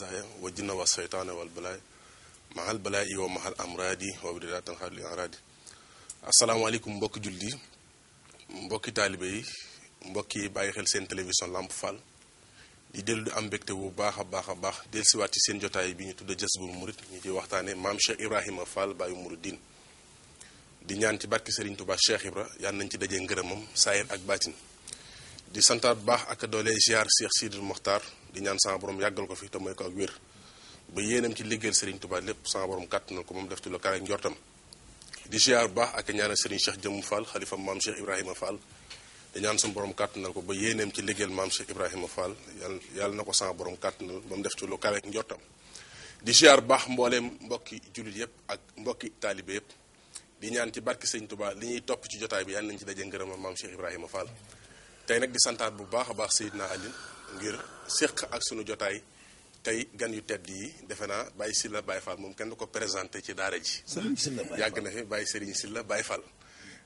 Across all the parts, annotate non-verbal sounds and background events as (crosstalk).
wasaya wa jinna wa seytaane wal balaay mahal balaay wa mahal amraadi wa wirida tanxaalil amraadi asalaamaaleykum mbokki julli mbokki taalibe yi mbokki bàyyi xel seen télévision Lamp Fall di dellu di am mbégte bu baax a baax a baax del siwaat ci seen jotaay bi ñu tudda Jazbul Murid ñu ci waxtaane maam Cheikh Ibrahima Fall baayu muridin di ñaan ci barke Serigne Touba Cheikh Ibra yal nañ ci dajee ngërëmam saayir ak baatin di santaat baax ak doole ziar Cheikh Sidil di ñaan sama borom yàggal ko fi te mooy ko ak wér ba yéenam ci liggéeyal Serigne Touba lépp sama borom kàttanal ko moom def ci lu kare njortam di ziar baax ak ñaan Serigne Cheikh Jëmu Fall xalifa maam Cheikh Ibrahima Fall di ñaan sama borom kàttanal ko ba yéeneem ci liggéeyal maam Cheikh Ibrahima Fall na ko sama borom kàttanal ba mu def ci lu kare di ziar baax mbooleem mbokki julit yépp ak mbokki taalibe yépp di ñaan ci barki sëñ Touba li ñuy topp ci jotaay bi yàlla nañ ci daje ngërëmal maam Cheikh Ibrahima Fall tey nag di santaat bu baax a baax Seydina ngir séq ak sunu jotaay tey gan yu tedd yi defe naa Baye Sylla Baye fal moom kenn ko présenté ci daara ji. yàgg na fi Baye Serigne Sylla Baye Fall.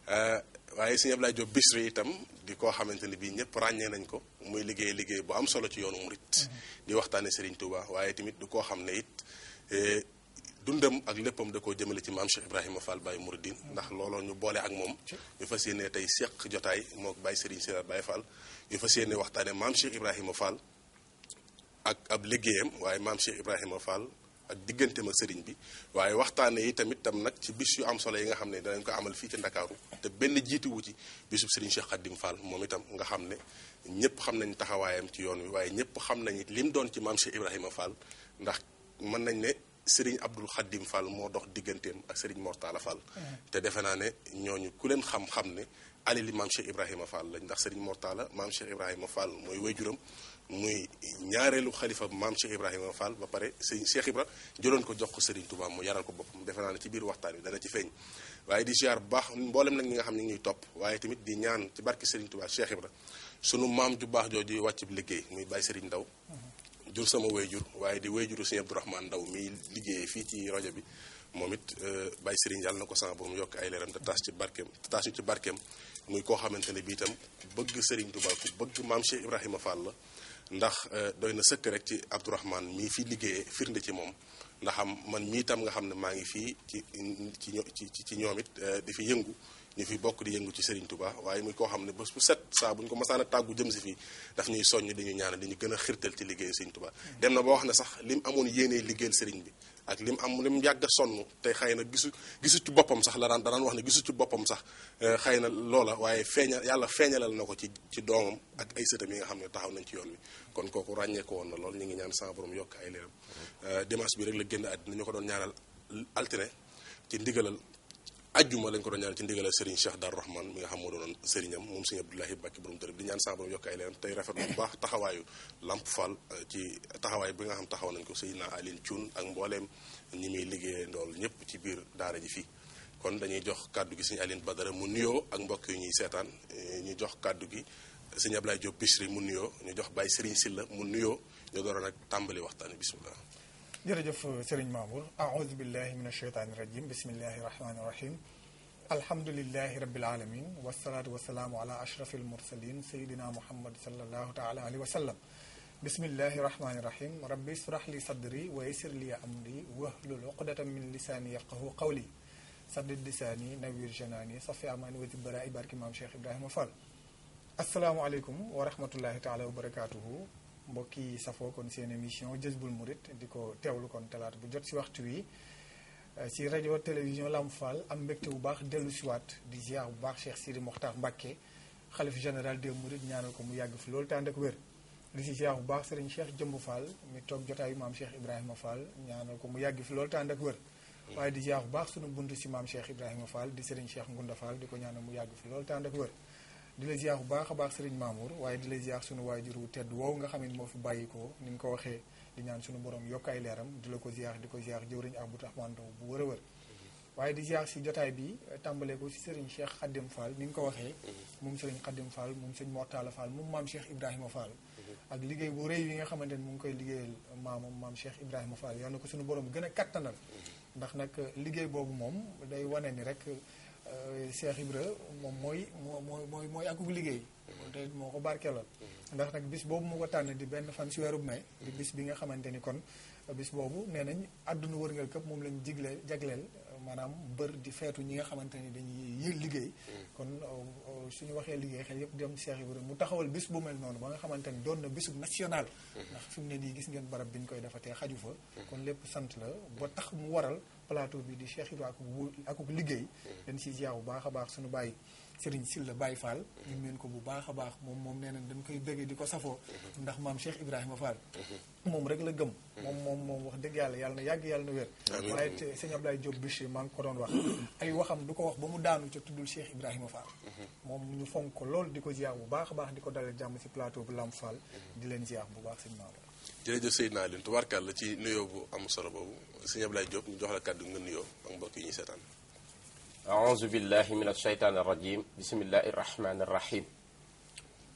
Euh, waaye sëñ Abdoulaye Diop Bichri itam di koo xamante ni bii ñëpp ràññee nañ ko muy liggéey liggéey bu am solo ci yoonu murit mm-hmm. di waxtaane Serigne Touba waaye tamit du koo xam ne it euh, dundam ak léppam de koo jëmale ci maam Cheikh Ibrahima Fall Baye Mouridine ndax looloo ñu boole ak moom yu fas yéene tey seq jotaay mook Baye Serigne Sera Baye Fall ñu fas yéene waxtaane maam Cheikh Ibrahima Fall ak ab liggéeyam waaye maam Cheikh ak digganteem ak sëriñ bi waaye waxtaane yi tamit tam nag ci bis yu am solo yi nga xam ne danañ ko amal fii ci Ndakaaru te benn jiituwu ci bisub sëriñ Cheikh Khadim Fall moom itam nga xam ne ñëpp xam nañ taxawaayam ci yoon wi waaye ñëpp xam nañ lim doon ci maam Ibrahima Fall ndax mën nañ ne Serigne Abdul Khadim Fall moo dox digganteem ak Serigne Mortala Fall. Mm-hmm. te defe naa ne ñooñu ku leen xam-xam ne alali maam Cheikh Ibrahima Fall lañ ndax Serigne Mortala maam Cheikh Ibrahima Fall mooy wéjuram muy ñaareelu xalifa maam Cheikh Ibrahima Fall ba pare Serigne Cheikh Ibra jëloon ko jox ko Serigne Touba mu yaral ko boppam defe naa ne ci biir waxtaan wi dana ci feeñ. waaye di ziar bu baax mboolem nag ñi nga xam ne ñuy topp waaye tamit di ñaan ci barke Serigne Touba Cheikh Ibra sunu maam ju baax jooju wàcc bi liggéey muy bàyyi Serigne Ndaw mm-hmm. jur sama wayjur waaye di wayjuru Sëriñ Abdourahmane Ndaw mi liggéeyee fii ci rajo bi moom it euh, Baye Serigne yàlla na ko sama mu yokk ay leeram te taas ci barkeem te taas ñu ci barkeem muy koo xamante ne bi itam bëgg Serigne Touba ku bëgg maam Cheikh Ibrahima Fall la ndax euh, doy na sëkk rek ci Abdourahmane mii fi liggéeyee firnde ci moom ndax am man mii tam nga xam ne maa ngi fii ci ci ci ci ñoom it euh, di fi yëngu ñu fi bokk di yëngu ci Serigne tubaa waaye muy koo xam ne bés bu set saa ñu ko masaan a tàggu jëm si fii daf ñuy soññ di ñu ñaanal di ñu gën a xirtal ci liggéeyu Serigne Touba dem na boo wax ne sax lim amoon yéenee liggéeyal Serigne bi ak lim am lim yàgg a sonn te xëy na gisu gisu ci boppam sax la daan wax ne gisu ci boppam sax euh, xëy na loola waaye feeñal yàlla feeñalal na ko ci ci doomam ak ay sëtam yi nga xam ne taxaw nañ ci yoon wi kon kooku ràññee ko woon na lool ñu ngi ñaan sa borom yokk ay leeram euh, dimanche bi rek la génn àddina ko doon ñaanal altine ci ndigalal ajjuma lañ ko doon ñaan ci ndigal serigne cheikh dar rahman mi nga xam moo doon serignam moom serigne abdoulahi bakki borom tërëb di ñaan saa borom yokk leen tey rafet bu baax taxawaayu lamp fall euh, ci taxawaay bi nga xam taxaw nañ ko seydina alin cuun ak mbooleem ñi muy liggéeye ndool ñëpp ci biir daara ji fii kon dañuy jox kàddu gi serigne alin badara mu nuyoo ak mbokk yi ñuy seetaan euh, ñu jox kàddu gi serigne ablaye diop bisri mu nuyoo ñu jox bay serigne silla mu nuyoo ñu doon nag tàmbali waxtaan bismillah جرجف سرين مامور أعوذ بالله من الشيطان الرجيم بسم الله الرحمن الرحيم الحمد لله رب العالمين والصلاة والسلام على أشرف المرسلين سيدنا محمد صلى الله تعالى عليه وسلم بسم الله الرحمن الرحيم ربي اشرح لي صدري ويسر لي أمري وهل عقدة من لساني يفقه قولي سد لساني نوير جناني صفي أماني وذبراء بارك إمام شيخ إبراهيم وفال السلام عليكم ورحمة الله تعالى وبركاته mbokk safo kon seen émission Jazboul Mouride di ko teewlu kon talaata bu jot si waxtu wi si euh, radio télévision Lamp Fall am mbégte bu baax dellu si waat di ziar bu baax Cheikh Sidi Mokhtar Mbacké xalif général des Mourides ñaanal ko mu yàgg fi loolu te ak wér. di si ziar bu baax Serigne Cheikh Jëmb Fall mi toog jotaayu maam Cheikh Ibrahima Fall ñaanal ko mu yàgg fi loolu te ak wér. waaye di ziar bu baax sunu buntu si maam Cheikh Ibrahima Fall di Serigne Cheikh Ngunda Fall di ko ñaanal mu yàgg fi loolu te ak wér. di la ziar baax a baax Serigne Mamour waaye di la ziar sunu waajur wu tedd woow nga xam ne moo fi bàyyi ko ni nga ko waxee di ñaan sunu borom yokk ay leeram di la ko ziar di ko ziar jëwriñ ak bu taxmanto bu wër a wër waaye di ziar si jotaay bi tàmbalee ko si Serigne Cheikh Khadim Fall ni nga ko waxee moom Serigne Khadim Fall moom Serigne Mortala faal moom maam Cheikh Ibrahima Fall ak liggéey bu rëy yi nga xamante ni mu ngi koy liggéeyal maamam maam Cheikh Ibrahima Fall yal na ko sunu borom gën a kattanal ndax nag liggéey boobu moom day wane ni rek Cheikh eh, Ibra moom mooy mooy mooy mooy akub liggéey te moo ko barkeeloon mm-hmm. ndax nag bis boobu moo ko tànn di benn fan si weerub may di bis bi nga xamante ni kon bis boobu nee nañ àdduna wërngal këpp moom lañ jigle jagleel maanaam bër di feetu ñi nga xamante ni dañuy liggéey mm-hmm. kon euh, euh, suñu waxee liggéey xel yëpp dem Cheikh Ibra mu taxawal bis bu mel noonu ba nga xamante ni doon na bisub national mm-hmm. ndax fi mu ne nii gis ngeen barab bi ñu koy defatee xaju fa kon lépp sant la ba tax mu waral plateau bi di Cheikh Ibra akuk wóol akuk liggéey mm-hmm. dañ si ziar bu baax a baax suñu bàyyi Serigne Sylla Baye Fall mm-hmm. ñu meen ko bu baax a baax moom moom nee nañ dañ koy bëggee di ko safoo mm-hmm. ndax maam Cheikh Ibrahima Fall moom rek la gëm moom moom moom wax dëgg yàlla yàlla na yàgg yàlla na wér waaye sëñ Abdoulaye Diop maa ngi ko doon wax ay waxam du ko wax ba mu daanu ca tuddul Cheikh Ibrahima Fall moom ñu fonk ko lool di ko ziar bu baax a baax di ko dalal jàmm si plateau bu Lamp Fall di leen ziar bu baax si Maodo jërëjëf Seydina Alioune la ci nuyoo bu am solo boobu sëñ Ablaye جوب ñu jox la نيو nga nuyoo ak أعوذ بالله من الشيطان الرجيم بسم الله الرحمن الرحيم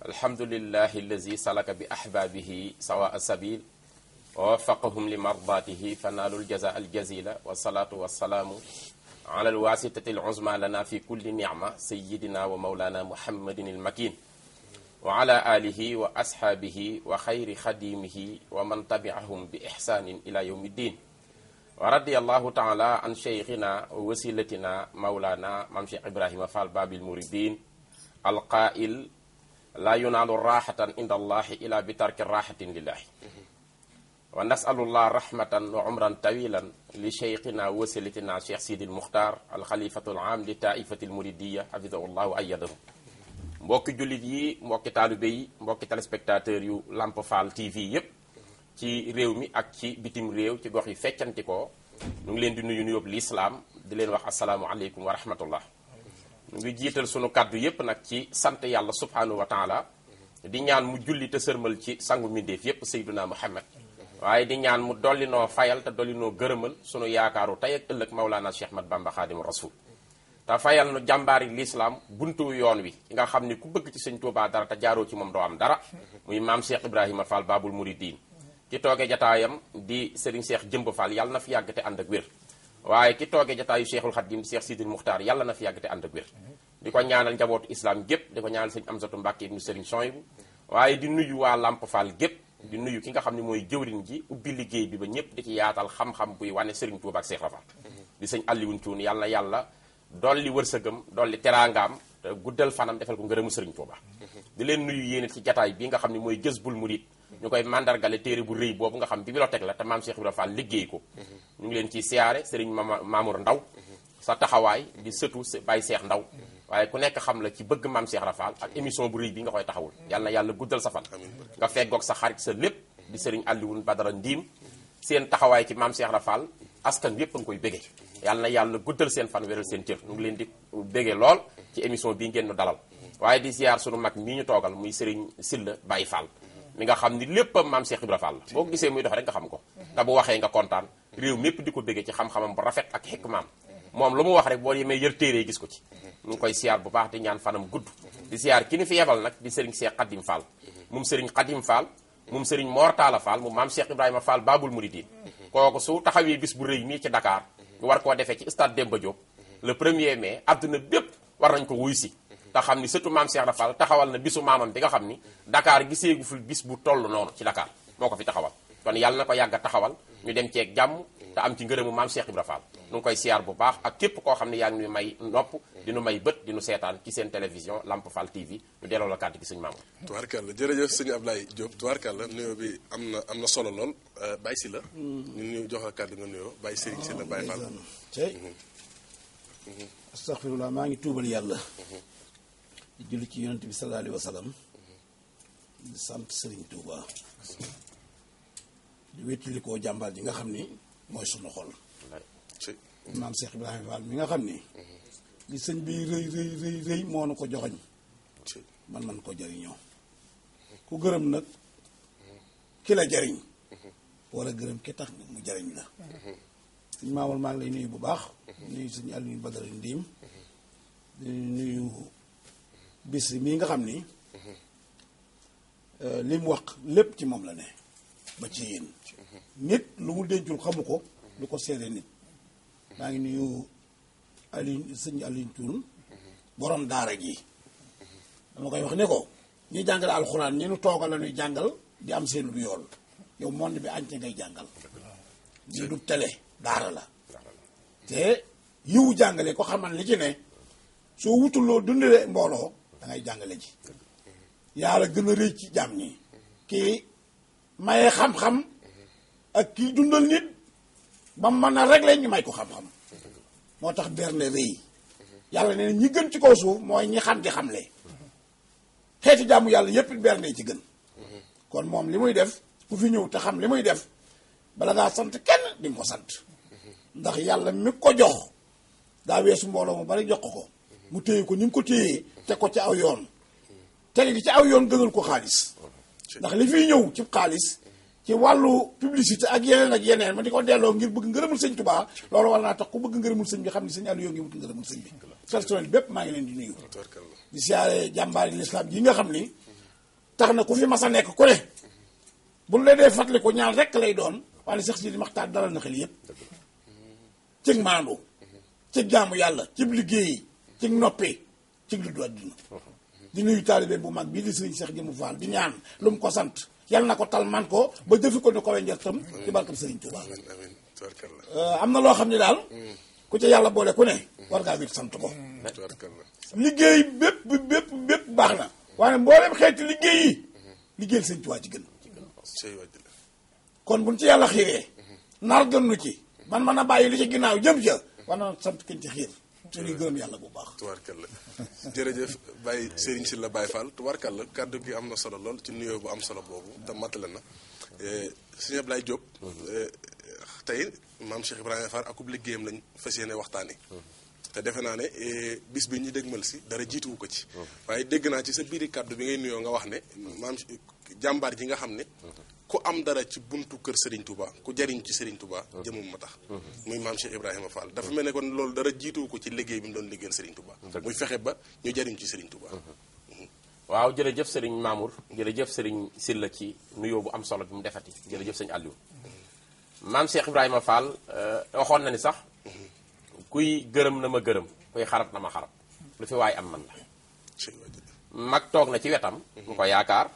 الحمد لله الذي سلك بأحبابه سواء السبيل ووفقهم لمرضاته فنالوا الجزاء الجزيل والصلاة والسلام على الواسطة العظمى لنا في كل نعمة سيدنا ومولانا محمد المكين وعلى آله وأصحابه وخير خديمه ومن تبعهم بإحسان إلى يوم الدين ورضي الله تعالى عن شيخنا ووسيلتنا مولانا ممشي إبراهيم فال باب المريدين القائل لا ينال راحة عند الله إلا بترك راحة لله ونسأل الله رحمة وعمرا طويلا لشيخنا ووسيلتنا شيخ سيدي المختار الخليفة العام لتائفة المريدية حفظه الله وأيده موكي jullit yi mbokki taalibe موكي mbokki téléspectateur yu Lamp Fall TV ci réew mi ak ci bitim réew ci gox yi feccanti ko ñu ngi leen di nuyu nuyu l'islam di leen wax alaykum wa rahmatullah ñu ngi jital suñu kaddu yépp nak ci sante yalla subhanahu wa taala di ñaan mu julli te sërmal ci sangu mindeef yépp sayyiduna muhammad waaye di ñaan mu no fayal te no gërëmal suñu yaakaaru tey ak ëllëg maulana cheikh mat bamba khadim rasul Ta fayal nu jàmbaari l'islam buntu yoon wi nga xam ne ku bëgg ci sëñ touba dara te jaaroo ci moom do am dara muy maam cheikh ibrahima fall babul muridin ki tooge jataayam di Serigne Cheikh Jëmb Fall yàlla na fi yàgg te ànd ak wér waaye ki tooge jataayu Cheikhul Khadim Cheikh Sidil Muxtaar yàlla na fi yàgg te ànd ak wér di ko ñaanal njabootu islam gépp di ko ñaanal sëñ Amsatu Mbàkke ibnu Serigne Soyibu waaye di nuyu waa Lamp Fall gépp di nuyu ki nga xam ne mooy jëwriñ ji ubbi liggéey bi ba ñëpp di ci yaatal xam-xam buy wane Serigne Touba ak Cheikh Rafal di sëñ Alioune Thioune yàlla na yàlla dolli wërsëgam dolli teraangaam te guddal fanam defal ko ngërëmu Serigne Touba di leen nuyu yéen ci jataay bi nga xam ne mooy Jazbul Murid ñu koy mandargale téere bu rëy boobu nga xam bibliothèque la te maam Cheikh Ibrahima Fall liggéey ko mhm. ñu ngi leen ciy siyaare sëriñ Mama Mamour Ndaw mhm. sa taxawaay di mhm. sëtu Baye seex Ndaw waaye ku nekk xam la ci bëgg maam Cheikh Rafal ak émission bu rëy bi nga koy taxawul yàlla yàlla guddal sa fan nga feggoog sa xarit sa lépp di sëriñ Alioune Badara Ndiim seen taxawaay ci maam Cheikh Rafal askan bi yépp nga koy béggee yàlla yàlla guddal seen fan wéral seen cër ñu ngi leen di béggee lool ci émission bii ngeen nu dalal waaye di ziar sunu mag mii ñu toogal muy sëriñ Silla Baye Fall mi nga xam ni léppam maam Cheikh Ibra Fall boo gisee muy dox rek nga xam ko nga bu waxee nga kontaan réew mépp di ko béggee ci xam-xamam bu rafet ak maam moom lu mu wax rek boo yemee yër téere gis ko ci mu ngi koy siyaar bu baax di ñaan fanam gudd di siyaar ki ni fi yebal nag di sëriñ Cheikh Khadim Fall mum sëriñ Khadim Fall mum sëriñ Mor Fall moom maam Cheikh Ibrahima Fall Babul Mouridine kooku su taxawee bis bu rëy nii ci Dakar ñu war koo defee ci stade Demba Diop le premier mai àdduna bépp war nañ ko wuy si te xam ni surtout maam Cheikh Rafal taxawal na bisu maamam bi nga xam ni Dakar giseegu ful bis bu toll noonu ci Dakar moo ko taxawal kon yàlla na yàgg taxawal ñu dem ceeg jàmm te am ci ngërëmu maam Cheikh Ibra Fall nu ngi koy siyaar bu baax ak képp koo xam ne yaa ngi ñuy may nopp di nu may bët di nu seetaan ci seen télévision Lamp Fall TV ñu delloo la kàddu gi suñu maam tubaarkàlla jërëjëf suñu Ablaye Diop tubaarkàlla nuyoo bi am na am na solo lool euh, Baye Sylla ñu hmm. ñu jox la kàddu nga nuyoo Baye Serigne Sylla Baye Fall tey hmm. Hmm. astaghfirullah maa ngi tuubal yàlla di ci yonent bi sallallahu alayhi wa sallam di sant Serigne Touba di wéttali koo jàmbaar ji nga xam ni mooy sunu xol. maam Cheikh Ibrahima Fall mi nga xam ni. li sëñ bi rëy rëy rëy moo nu ko joxoñ man man ko jëriñoo ku gërëm nag ki la jëriñ wala gërëm ki tax mu jëriñ la suñ maamal maa ngi bu baax nuyu suñu Aliou Badara Ndiim nuyu bis mii nga xam ni euh, li mu wax lépp ci moom la ne ba ci yéen nit lu mu dencul xamu ko lu ko seere nit maa ngi nuyu Alioune sëñ Alioune Tour borom daara ji dama koy wax ne ko ñuy jàngale alxuraan ñi nu toogal la jàngal di am seen bu yool yow monde bi àñte ngay jàngal lii du télé daara la te yiwu jàngale ko xamal li ci ne soo wutul loo dundalee mbooloo da ngay jàngale ji yàlla gën a rëy ci jaam ñi kii maye xam-xam ak kii dundal nit ba mën a régler ñu may ko xam-xam moo tax berne rëy yàlla nee ñi gën ci kaw suuf mooy ñi xam di xamle xeeti jaamu yàlla yépp berne ci gën kon moom li muy def ku fi ñëw te xam li muy def bala ngaa sant kenn di nga ko sant ndax yàlla mi ko jox daa weesu mbooloo mu bari jox ko mu téye ko ni mu ko téyee te ko ci aw yoon teg gi ci aw yoon gënal ko xaalis ndax li fi ñew ci xaalis ci walu publicité ak yeneen ak yeneen ma di ko delloo ngir bëgg ngërëmul sëñ tubaa loolu wala naa tax ku bëgg ngërëmul sëñ bi xamni ne sëñ àll wut ngërëmul bi personnel bépp maa ngi leen di nuyu di ziaré jàmbaari l'islam yi nga xam ni tax na ku fi mas nekk ku ne bu la dee fàttali ko ñaal rek lay doon wala sax ci di maxtaar dara na xel yëpp cig maandu ci jaamu yàlla cib liggéeyi cig noppi ci dund dina di nuyu talibé bu mag bi di serigne Cheikh djimou Fall di ñaan lu mu ko sant yalla nako tal man ko ba jëfi ko ne ko wenjal tam ci barkam serigne touba amin amin tawakkal euh, amna lo xamni dal ku ci yalla bolé ku ne war ngaa wit sant ko tawakkal liggéey bép bép bép baxna na waaye mboolem liggéey yi liggéey serigne touba ci gën kon buñ ci yalla xiré nar gën lu ci man mëna bayyi li ci ginnaaw jëm ci wana na sant kañ ci xiir dañuy gëm yàlla bu baax. tubaarkal la jërëjëf Baye si la Baye Fall tubaarkal la kàddu gi am na solo lool ci nuyoo bu am solo boobu te matale na eh, sëñ Ablaye Diop. Mhm. Eh, tey maam Cheikh Ibrahima Fall akub liggéeyam lañ fas yéene waxtaanee. Mhm. te defe naa ne eh, bis bi ñu dégmal si dara jiituwu ko ci. Mhm. waaye dégg naa ci sa biiri kàddu bi ngay nuyoo nga wax ne maam jàmbaar ji nga xam ne. ku am dara ci buntu kër Serigne tubaa ku jariñ ci Serigne tubaa jëmum ma tax. Mhm. muy maam Cheikh Ibrahima Fall dafa mel ne kon loolu dara jiituwu ko ci liggéey bi mu doon liggéeyal Serigne Touba. muy fexe ba ñu jariñ ci Serigne Touba. Mhm. Mhm. waaw jërëjëf Serigne Mamour jërëjëf Serigne Sylla ci nuyoo bu am solo bi mu defati jërëjëf Serigne Aliou. maam Cheikh Ibrahima Fall euh, waxoon na ni sax. kuy gërëm na ma gërëm kuy xarab na ma xarab. lu fi waay am man la. mag toog na ci wetam. mu ko yaakaar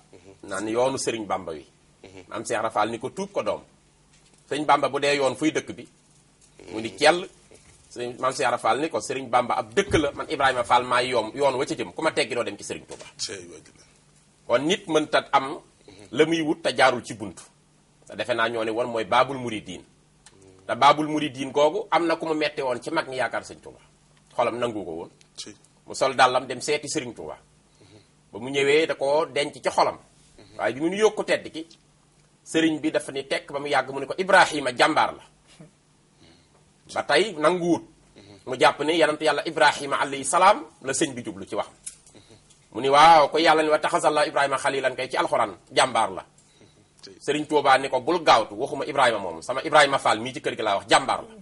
naan yoonu Serigne bàmba wi. Mhm. maam Cheikh Rafal ni ko tuub ko doom sëñ Bamba bu dee yoon fuy dëkk bi mu ni cell sëñ maam Cheikh Rafal ni ko sëriñ Bamba ab dëkk la man Ibrahima Fall maa yoom yoon wa ca jëm ku ma teggi doo dem ci sëriñ Touba kon nit mën am mhm. la muy wut te jaarul ci bunt te defe naa ñoo ne woon mooy baabul muridiin mhm. te baabul muridiin googu am na ku mu metti woon ci mag ñi yaakaar sëñ Touba xolam nangu ko woon mu sol dàllam dem seeti sëriñ Touba ba mu ñëwee da ko denc ci xolam waaye bi sering bi dafa ni tekk ba mu yàgg mu ne ko ibrahima jàmbaar la ba tey nanguwut mu jàpp ne yonent yàlla ibrahima alayhi salaam la sëñ bi jublu ci wax mu ni waaw ko yàlla ni wa taxasallah ibrahima xalilan kay ci alxuraan jàmbaar la sëriñ tuubaa ni ko bul gaawtu waxuma ibrahima moom sama ibrahima fall mii ci kër gi laa wax jàmbaar la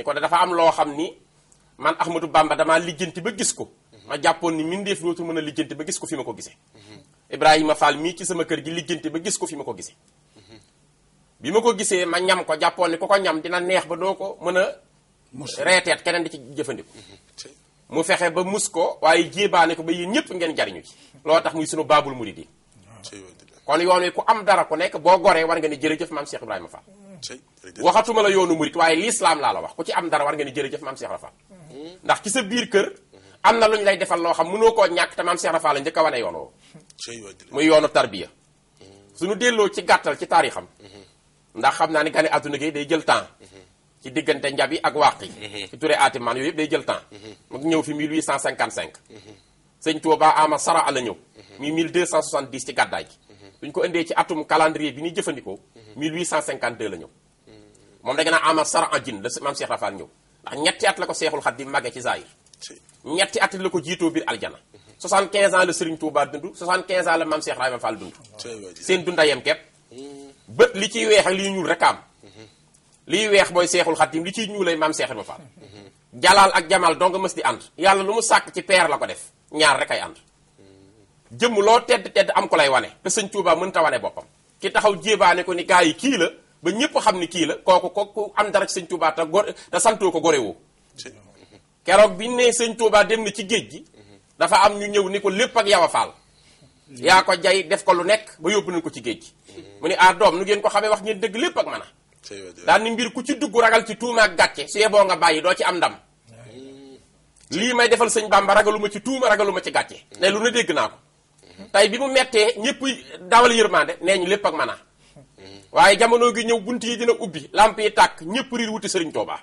ni ko dafa am loo xam man ahmadou bamba dama lijjanti ba gis ko ma jàppoon ni mindeef dootu mën a lijjanti ba gis ko fi ko gisee Ibrahima Fall mii ci sama kër gi liggéente ba gis ko fi ma ko gisee bi ma ko gisee ma ñam ko jàppoon ni ku ko ñam dina neex ba doo ko mën a reeteet keneen di ci jëfandiku mu fexe ba mus ko waaye jéebaane ko ba yéen ñëpp ngeen jariñu ci loo tax muy sunu baabul muridi kon yoon wi ku am dara ku nekk boo goree war nga ne jërëjëf maam Cheikh Ibrahima Fall waxatuma la yoonu murit waaye lislaam laa la wax ku ci am dara war nga ne jërëjëf maam Cheikh Rafal hmm. ndax ci sa biir kër na lu ñu lay defal loo xam mënoo koo ñàkk te maam Cheikh Rafal la njëkk a wane muy yoonu tarbiya suñu delloo ci gàttal ci taarixam ndax xam naa ni gane àdduna gi day jël temps ci diggante njab yi ak wàq yi ci ture aatimaan yooyu yëpp day jël temps mu ñëw fi 1855 sëñ Touba ama sara la ñëw muy 1270 ci gàddaay gi suñ ko indee ci atum calendrier bi ñuy jëfandikoo 1852 la ñëw moom da naa ama sara en jin la maam Cheikh Rafal ñëw ndax ñetti at la ko Seexul Xadiim màggee ci zaahir ñetti at la ko jiitoo biir 75 ans le Serigne Touba dund 75 ans le Mam Cheikh Ibrahima Fall dund. seen dunda yem képp. bët li ci wéx ak liy ñuul rek am. liy weex mooy seexul li ci ñuul Mam Cheikh Ibrahima Fall. jalal ak jamal dong mës di ànd. yàlla lu mu sak ci père la ko def ñaar rekay and jëm lo tedd tedd am ko lay wane te sëñ Touba mënta wane bopam ki taxaw jéebaane ko ni gaa yi kii la ba ñepp xamni ki la kooku kooku am dara ci Serigne Touba ta gor te santoo ko goré wo kérok bi ne Serigne Touba dem ci géej dafa am ñu ñëw ni ko lépp ak yawa faal yaa ko jay def ko lu nekk ba yóbbu nañ ko ci géej gi mu ni ah doom nu ngeen ko xamee wax ngeen dëgg lépp ak mana a daal ni mbir ku ci dugg ragal ci tuuma ak gàcce su yeboo nga bàyyi doo ci am ndam lii may defal sëñ Bàmba ragaluma ci tuuma ragaluma ci gàcce ne lu na dégg naa ko tey bi mu mettee ñëpp dawal yërmande nee ñu lépp ak man a mm-hmm. waaye jamono gi ñëw bunt yi dina ubbi làmp yi tàkk ñëpp riir wuti sëriñ Tuubaa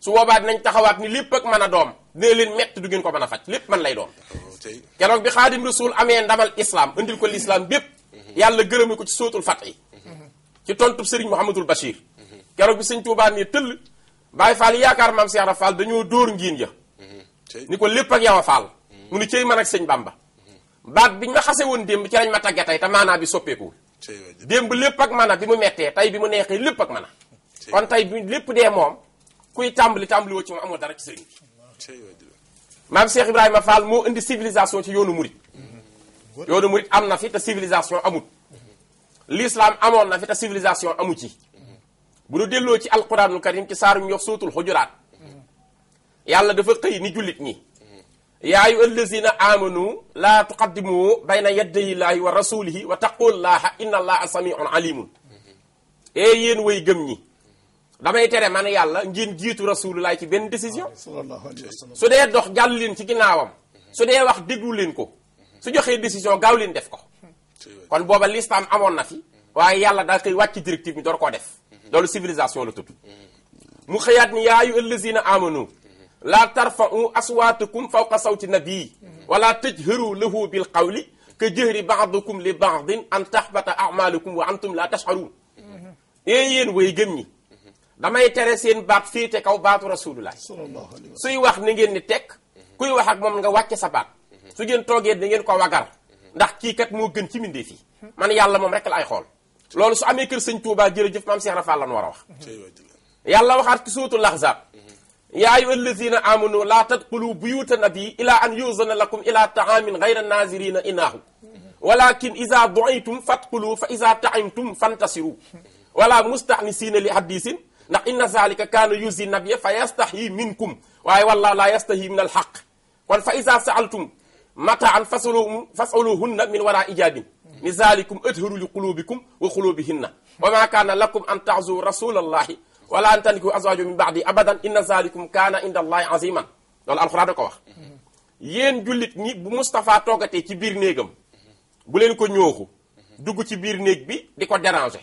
su boobaa nañ taxawaat ni lépp ak mën a doom dina leen metti du ngeen ko mën a faj lépp man lay doom oh, keroog bi xaadim rasul amee ndamal islam indil ko l'islam bépp mhm. yàlla gërëme ko ci sóotul fat yi mhm. ci tontub sëriñ Mouhamadul Bachir keroog bi sëñ Tuubaa ne tëll Baay Faal yaakaar maam Cheikh Ibra Fall dañoo door ngiin ya mhm. ni ko lépp ak yow a Fall mu ni man ak sëñ Bamba baat biñ ma xase woon démb ci lañ ma tagge tey te maanaa bi soppeeku démb lépp ak mana bi mu mettee tey bi mu neexee lépp ak mana kon tey lépp dee moom كوي تامبلي تامبلي واتي ما امو دارك سيرين ما بسيخ إبراهيم فعل مو اندي سيفلزاسيون تي يونو موريت يونو موريت امنا في تا سيفلزاسيون امو الإسلام امون نفي تا سيفلزاسيون امو تي بودو دي لوتي القرآن الكريم كي سارم يوخ سوت الحجرات يالا دفا قي ني جوليت ني يا أيها الذين آمنوا لا تقدموا بين يدي الله ورسوله وتقول الله إن الله سميع عليم أي ين وي damay tere man yàlla ngeen jiitu rasulullah ci benn décision su dee dox jàll leen ci ginnaawam su dee wax déglu leen ko su joxee décision gaaw leen def ko kon booba l'islam amoon na fi waaye yàlla daa koy wàcc directive bi door koo def loolu civilisation la tudd mu xëyaat ni yaa ayyuha allazina amanu laa tarfa'u aswaatakum fawqa sawti nabii wala tajharu lahu bil qawli ka jëhri ba'dikum li ba'din an tahbata a'malukum wa antum la tash'urun yéen yéen way gëm ñi damay tere seen baat féete kaw baatu rasulullah suy wax ni ngeen ni tekk kuy wax ak moom nga wàcce sa baat su ngeen toogee da ngeen ko wagar ndax kii kat moo gën ci mindee fii man yàlla moom rek la ay xool loolu su amee kër sëñ Touba jërëjëf maam Cheikh Rafal lan war a wax yàlla waxaat ci suutul ahzab yaa ayyuha allazina amanu laa tadxulu buyuta nabi ila an yuzana lakum ila taamin gayra nazirina inaahu walakin iza duitum fadxulu fa iza taimtum fantasiru wala mustanisina li hadisin ndax inna zalika kaana yusi nabia fa yastahi minkum waaye wallahu la yastahi min alxaq kon fa isa saaltum mataan fasulu fasuluhunna min wara ijabin ni zalikum atharu li qulubikum wa qulubihinna wa ma kana lakum an ta'zu rasulallahi wala an tankihu azwaju min ba'di abadan inna zalikum kana inda allahi aziman loolu alquran da ko wax yéen jullit ñi bu Moustapha toogatee ci biir néegam bu leen ko ñooxu dugg ci biir néeg bi di ko déranger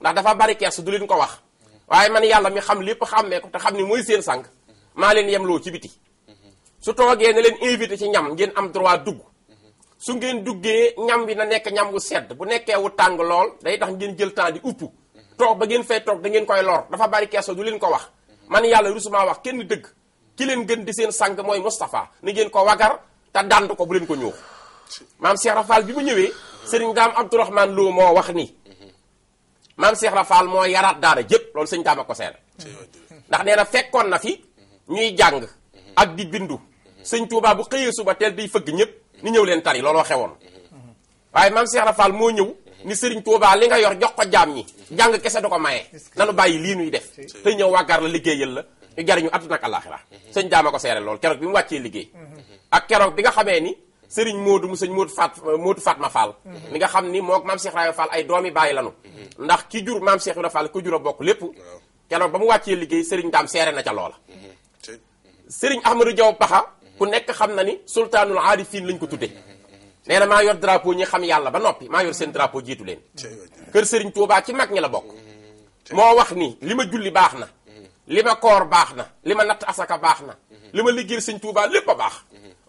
ndax dafa bari kersa du leen ko wax waaye man yàlla mi xam lépp xàmmee ko te xam ni mooy seen sànq maa leen yemloo ci biti su toogee na leen invité ci ñam ngeen am droit dugg su ngeen duggee ñam bi na nekk ñam wu sedd bu nekkee wu tàng lool day tax ngeen jël temps di upp toog ba ngeen fay toog da ngeen koy lor dafa bari keeso du leen ko wax man yàlla rusuma wax kenn dëgg ki leen gën di seen sànq mooy Moustapha ni ngeen ko wagar te dànd ko bu leen ko ñuux maam Cheikh Rafal bi mu ñëwee sëriñ daam Lo moo wax ni maam Cheikh Ibra Fall moo yaraat daara jëpp loolu sëñ Tamba ko seere ndax nee na fekkoon na fi ñuy jàng ak di bindu sëñ Touba bu xëyee suba teel day fëgg ñëpp ni ñëw leen tari looloo xewoon waaye maam Cheikh Ibra Fall moo ñëw ni sëriñ Touba li nga yor jox ko jaam ñi jàng kese du ko maye nanu bàyyi lii nuy def te ñëw wàggar la liggéeyal la ñu jariñu àdduna ak àllaaxira sëñ Tamba ko seere loolu keroog bi mu wàccee liggéey mm-hmm. ak keroog bi nga xamee ni sëriñ Modou mu sëñ Modou Fat Modou Fatma Fall mi mhm. nga xam ni mook maam Cheikh Ibrahima Fall ay doomi bàyyi lanu mhm. ndax ki jur maam Cheikh Ibrahima Fall jur a bokk lépp keroog ba mu wàccee liggéey sëriñ Ndaam seere na ca loola mhm. sëriñ Ahmadou Diaw Paxa ku nekk xam na ni sultaanul aarifin lañ ko tudde nee na maa yor drapeau ñi xam yàlla ba noppi maa yor seen drapeau jiitu leen kër sëriñ Touba ci mag ñi la bokk moo wax ni li ma julli baax na li ma koor baax na li ma natt asaka baax na li ma liggéeyal sëñ Tuubaa lépp a baax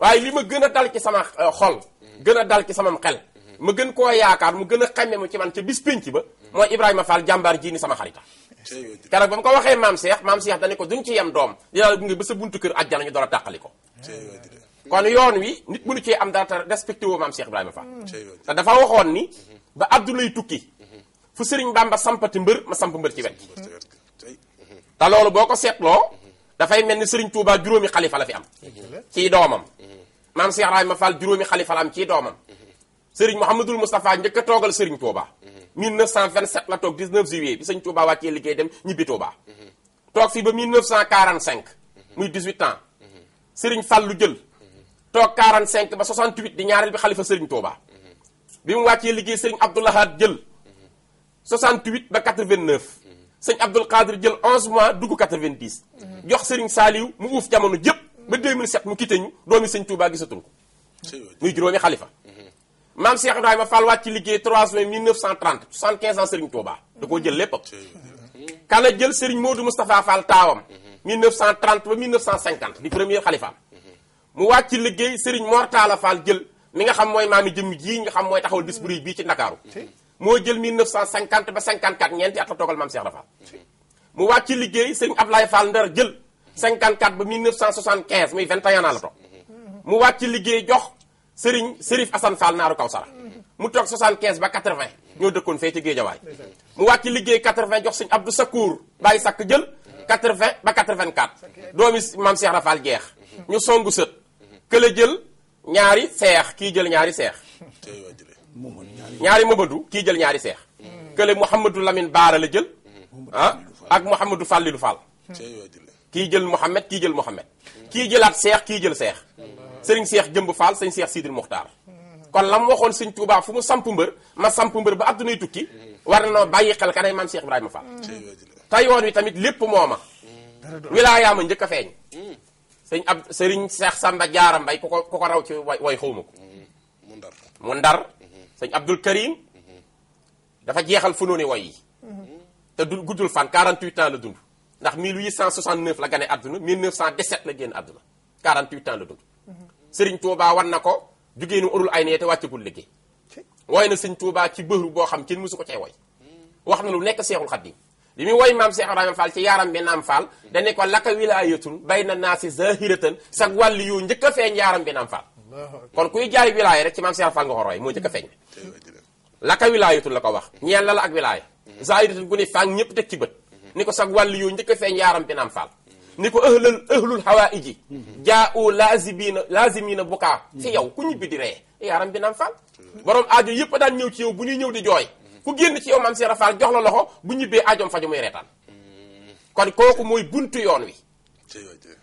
waaye li ma gën a dal ci sama euh, xol gën a dal ci sama xel ma gën koo yaakaar mu gën a xàmme mu ci man ca bis pénc ba mooy Ibrahima Fall jàmbaar jii ni sama xarita keroog ba mu ko waxee maam Seex maam Seex dane ko duñ ci yem doom dinaa la gunge ba buntu kër àjjana ñu door a tàqali ko kon yoon wi nit mënu cee am dara te woo maam Seex Ibrahima Fall te dafa waxoon ni ba Abdoulaye tukki fu Sëriñ Bamba sampati mbër ma samp mbër ci wet ta lolu boko setlo da fay melni Serigne Touba juróomi khalifa la fi am ci domam mam Cheikh Ibrahima Fall juróomi khalifa la am ci domam Serigne Mouhamadoul mustapha njëkk togal Serigne Touba 1927 la tok 19 juillet bi Serigne Touba wàccee liggéey dem ñibi Touba tok fi ba 1945 muy 18 ans Serigne fallu jël tok 45 ba 68 di ñaaral bi khalifa Serigne Touba bi mu wàccee liggéey Serigne abdullah Ahad jël 68 ba 89 sëñ Abdul Qadir jël 11 mois dugg 90. jox Serigne Saliou mu uuf jamono jëpp ba 2007 mu quitté ñu doomi sëñ Touba gisatul ko. muy juróomi xalifa. maam Cheikh Ibrahima Fall wàcc ci liggéey 3 mai 1930 75 ans Serigne Touba da koo jël léppam. kana jël Serigne Modou Moustapha Fall taawam. 1930 ba 1950 di premier xalifaam. mu wàcc ci liggéey Serigne Mortala Fall jël mi nga xam mooy maami jëmm jii nga xam mooy taxawal bis bu bii ci Ndakaaru. moo jël 1950 ba 54 ñeenti at la toogal maam Cheikh Ibra Fall mu wàcc ci liggéey sëñ Ablaye Fall Ndar jël 54 ba 1975 muy 21 ans la toog mu wàcc ci liggéey jox Serigne Serif Assane Fall Naaru Kawsara mu toog 75 ba 80 ñoo dëkkoon fee ci Géejawaay mu wàcc liggéey liggéey 80 jox sëñ Abdou Sakour bàyyi sakk jël 80 ba 84 doomi maam Cheikh Ibra Fall jeex ñu songu sët kële jël ñaari seex kii jël ñaari seex ñaari mëbadu kii jël ñaari seex kële Mouhamadou Lamine Baara la jël ah, ak Mouhamadou Fallilou Fall kii jël Mouhamed kii jël Mouhamed kii jëlaat seex kii jël seex sëriñ seex jëmb Fall sañ seex Sidil Muxtaar kon la mu waxoon sëñ Tuubaa fu mu samp mbër ma samp mbër ba addunay tukki war na noo bàyyi xel ka day maam Cheikh Ibrahima Fall te yoon wi tamit lépp mooma wilaayaa ma njëkk a feeñ sëñ ab sëriñ Cheikh Samba Jaara Mbay ku ko ku ko raw ci way xawma ko mu سيدي عبد الكريم دا فا جيخال فنوني واي تا غودول فان 48 لا دوند ناخ 1869 لا غاني ادنا 1917 لا ген ادنا 48 لا دوند سيرن توبا وان نكو جوغي نو اورول اينيتي واتيغول ليغي واي نا سيرن توبا سي بهرو بو خام كين موسوكو تاي واي واخنا لو نيك شيخ الخديم limi way mam cheikh ibrahim fall ci yaram bi nam fall dañ ne ko lak wilayatun bayna nasi zahiratan sak walli yu ñëk feñ yaram bi nam fall kon kuy jaay wilaaya rek ci maam Seex Faal nga xoroy moo njëkk a feeñ laka wilaayatul la ko wax ñeel la la ak wilaaya zaayidatul gu ne fang ñëpp teg ci bët ni ko sag wàll yoo njëkk a feeñ yaaram bi naam Faal ni ko ëhlal ëhlul hawaaiji jaa u laazimina laazimina bukaa fi yow ku ñibbi di ree yaaram bi naam Faal borom aajo yëpp daan ñëw ci yow bu ñuy ñëw di jooy ku génn ci yow maam Seex Faal jox la loxo bu ñibbee aajoom faju muy reetaan kon kooku mooy buntu yoon wi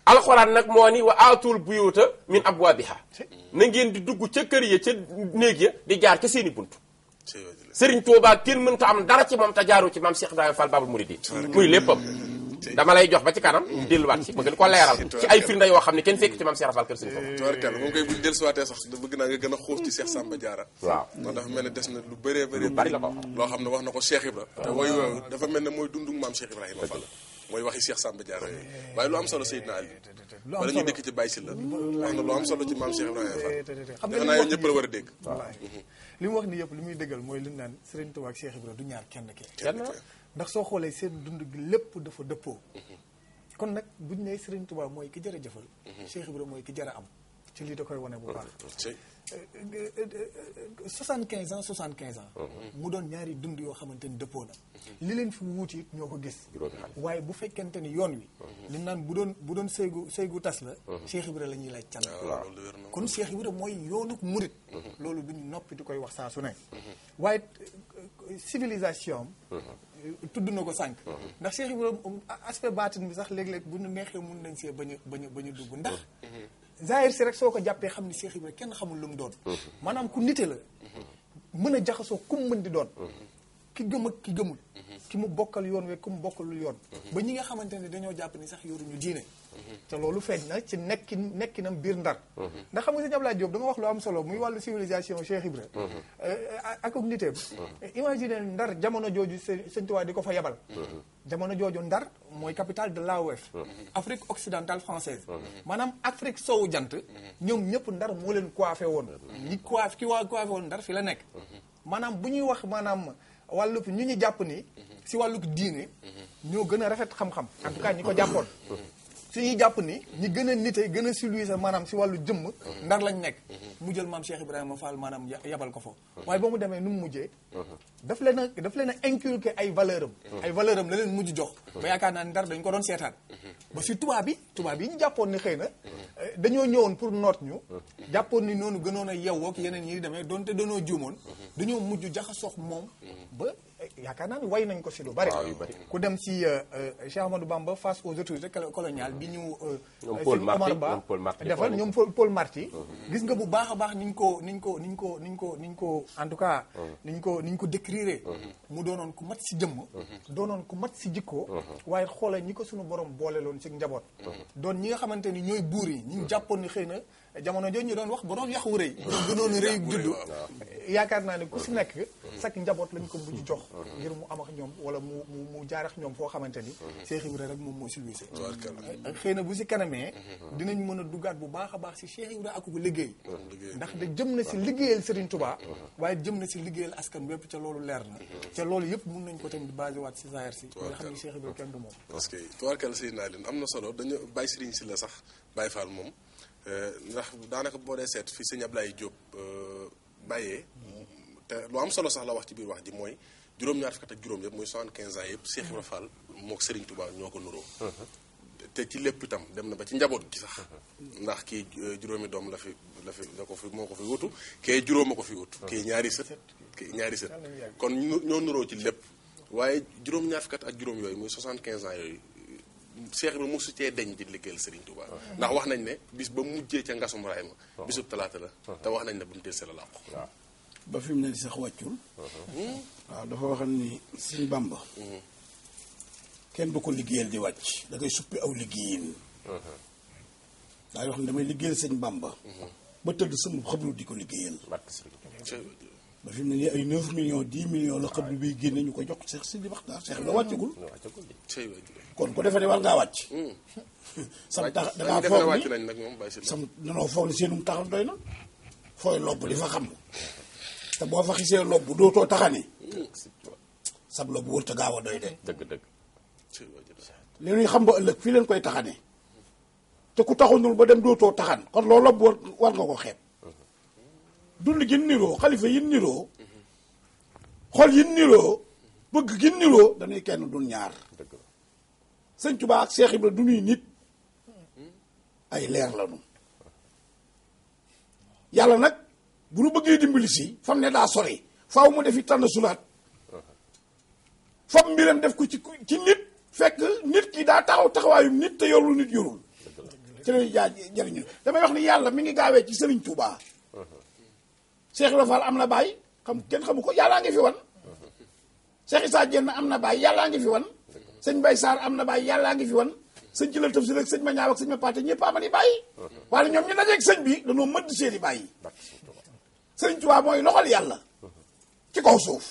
alquran nak moo ni wa atul buyuta min abwabiha na ngeen di dugg ci kër ya ci néeg ya di jaar ci seeni buntu serigne sëriñ Tuubaa mën ta am dara ci mom ta jaaru ci mam Cheikh Ibrahima Fall Babul mouride muy léppam dama lay jox ba ci kanam ñu wat ci ma gën ko leral ci ay firnda yo xamni ne fekk ci mam Cheikh Rafal kër Sëriñ Tuubaa moom koy buñ dellusiwaatee sax bëgg na nga gëna xoof ci Cheikh Samba jaara waaw ndax dafa melni dess na lu bëré bëree bëri loo xam ne wax nako Cheikh ibrahim te wooyu dafa melni moy dundung mam Cheikh ibrahim Fall mooy waxi Cheikh Samba Diarra yooyu eh, waaye lu am solo eh, Seydina Ali eh, wala ñu lu am solo ci maam Cheikh Ibrahima Fall defe naa yow ñëpp war a dégg mm-hmm. li mu wax ni yëpp li muy dëggal mooy li naan Serigne Touba ak Cheikh Ibra du ñaar kenn ke ndax soo xoolee seen dund gi lépp dafa dëppoo mm-hmm. kon nag bu ñu buñ ne Serigne Touba mooy ki jërëjëfal mm-hmm. Cheikh Ibra mooy ki jara am ci lii da koy wane bu baax 75 ans quinze ans. Mhm. mu doon ñaari dund yoo xamante ni dëppoo na. Mhm. li leen fi wuuti ñoo ko gis. waaye bu fekkente ni yoon wi. Mhm. li naan bu doon bu doon sëygu sëygu tas la. Cheikh Ibra la ñuy laaj can. Ah, kon Cheikh Ibra mooy yoonu murit. loolu du noppi di koy wax saa su ne. waaye euh, civilisation am. tudd na ko sànq. ndax Cheikh Ibra aspect baatin bi sax léeg-léeg bu ñu neexee mun nañ see bañ a bañ a bañ a dugg ndax. zaahir si rek soo ko jàppee xam ni Cheikh Ibra kenn xamul lu mu doon maanaam ku nite la mën a jaxasoo ku mën di doon ki gëm ak ki gëmul ki mu bokkal yoon we ku mu bokkalul yoon ba ñi nga xamante ne dañoo jàpp ni sax yoruñu diine Mm-hmm. te lu feeñ na ci nekkin nekkinam biir ndar mm-hmm. ndax xam nga sëñ Abdoulaye Diop da wax lu am solo muy wàllu civilisation Cheikh Ibra mm-hmm. eh, eh, ak niteem imagine ndar jamono jooju sëñ Tuubaa di ko fa yebal jamono jooju ndar mooy capital de l'AOF Afrique occidentale française maanaam Afrique sowu jant ñoom ñëpp ndar moo leen coiffé woon ñi coiffé ki waa coiffé woon ndar fi la nekk maanaam bu ñuy wax maanaam wàllub ñu ñu jàpp ni si wàlluk diine ñoo gën a rafet xam-xam en tout si ñu jàpp ni ñi gën a nite gën a siluise maanaam si wàllu jëmm mhm. ndar lañ nekk mhm. mu jël maam Cheikh Ibrahima Fall maanaam yabal ko fo mhm. waaye ba mu demee nu mu mujjee daf leen a daf leen a inculqué ay valeur am ay valeur am la leen mujj jox ba yaakaar naa ndar dañ ko doon seetaan ba si tubaab bi tubaab yi ñu jàppoon ni xëy na eh, dañoo ñëwoon pour noot ñu jàppoon ni noonu gënoon a yew ak yeneen yi demee doonte dañoo juumoon dañoo mujj jaxasox moom ba yaakaar naa ni way nañ ko si lu bari ku dem si euh, euh, Cheikh Amadou Bamba face aux autorités coloniales bi ñu Omar Ba defal ñoom Paul euh, Marty nga bu baax a baax niñ ko niñ ko niñ ko niñ ko niñ ko en tout cas niñ ko niñ ko décrire mu doonoon ku mat si jëmm doonoon ku mat si jikkoo waaye xoolal ñi ko suñu borom boole loon si njaboot doon ñi nga xamante ni ñooy buur yi ñi jàppoon xëy na jamono jooju ñu doon wax borom yàq wu rëy gënoon rëy juddu yaakaar naa ne ku si nekk sak njaboot lañ ko mujj jox ngir mu am ak ñoom wala mu mu mu jaar ak ñoom foo xamante ni Cheikh Ibra rek moom moo si luuse xëy na bu si kanamee dinañ mën a duggaat bu baax a baax si Cheikh Ibra ak ko ndax de jëm na si liggéeyal Serigne Touba waaye jëm na si liggéeyal askan yëpp ca loolu leer na ca loolu yëpp mun nañ ko tamit basé waat si zaahir si nga xam ne Cheikh Ibra kenn du moom parce que tubaarkal si naa leen am na solo dañu bàyyi Serigne si la sax bàyyi Fall moom Euh, ndax daanaka boo dee seet fi sëñ Ablaye Diop euh, bàyyee te lu am solo sax la wax ci biir wax ji mooy juróom-ñaar fukk ak juróom yëpp muy 75 ans yëpp Cheikh Ibra Fall mook Serigne Touba ñoo ko nuróo uh-huh. te ci lépp itam dem na ba ci njaboot gi sax uh-huh. ndax kii euh, juróomi doom la fi la fi la ko fi moo ko fi wutu kee juróom a ko fi wutu kii uh-huh. ñaari sët kii ñaari sët kon ñoo nuróo ci lépp waaye juróom-ñaar fukk ak juróom yooyu muy 75 ans yooyu Cheikh Ibra mosu cee deñ di liggéeyal Serigne Touba ndax wax nañ ne bis ba mujjee ca ngasum raay ma uh-huh. bisub talaata la uh-huh. te wax nañ ne bu mu teel se la làqu ba fi mu ne sax wàccul uh-huh. waaw dafa waxam ni Serigne Bamba kenn du ko liggéeyal di wàcc da ngay aw liggéeyin daay wax ne damay liggéeyal Serigne Bamba ba tëdd sama xablu di ko liggéeyal ba fi mu ne nii ay 9 millions 10 millions la xëblu biy génne ñu ko jox Cheikh Sidi Maxtaar Cheikh la wàccagul. kon ku defee ne war ngaa wàcc. Hmm. (laughs) sam tax da ngaa foog ni sam danoo foog ni seenum taxaw doy na fooy lobb li xam te boo fa xisee lobb dootoo taxani sab lobb wër te gaaw a doy de. dëgg dëgg. li ñuy xam ba ëllëg fii leen koy taxane te ku taxunul ba dem dootoo taxan kon loolu lobb war nga ko xeeb. dund gi niroo xalifa yi niroo xol yi niroo bëgg gi niroo dañuy kenn dun ñaar sëñ tubaa ak Seex Ibra du nit ay leer la yàlla nag bu nu bëggee dimbali si fam ne daa sori faaw mu defi tànn sulaat fam mbiram def ko ci ci nit fekk nit ki daa taxaw taxawaayum nit te yorul nit yorul ci lañuy jaa jëriñu damay wax ni yàlla mi ngi gaawee ci sëriñ Tuubaa Cheikh lofal amna bay na bàyyi xam kenn xamu ko yàllaa ngi fi won Cheikh Issa jenn amna bay yalla yàllaa ngi fi won seigne Mbaye sar amna bay yalla ngi fi won seigne Jilal Tafsir ak seigne ma ak seigne ma ñepp amani bay wala ñom ñu ak seigne bi dañu mëdd seeni bay seigne Tuubaa moy loxol yalla ci ko suuf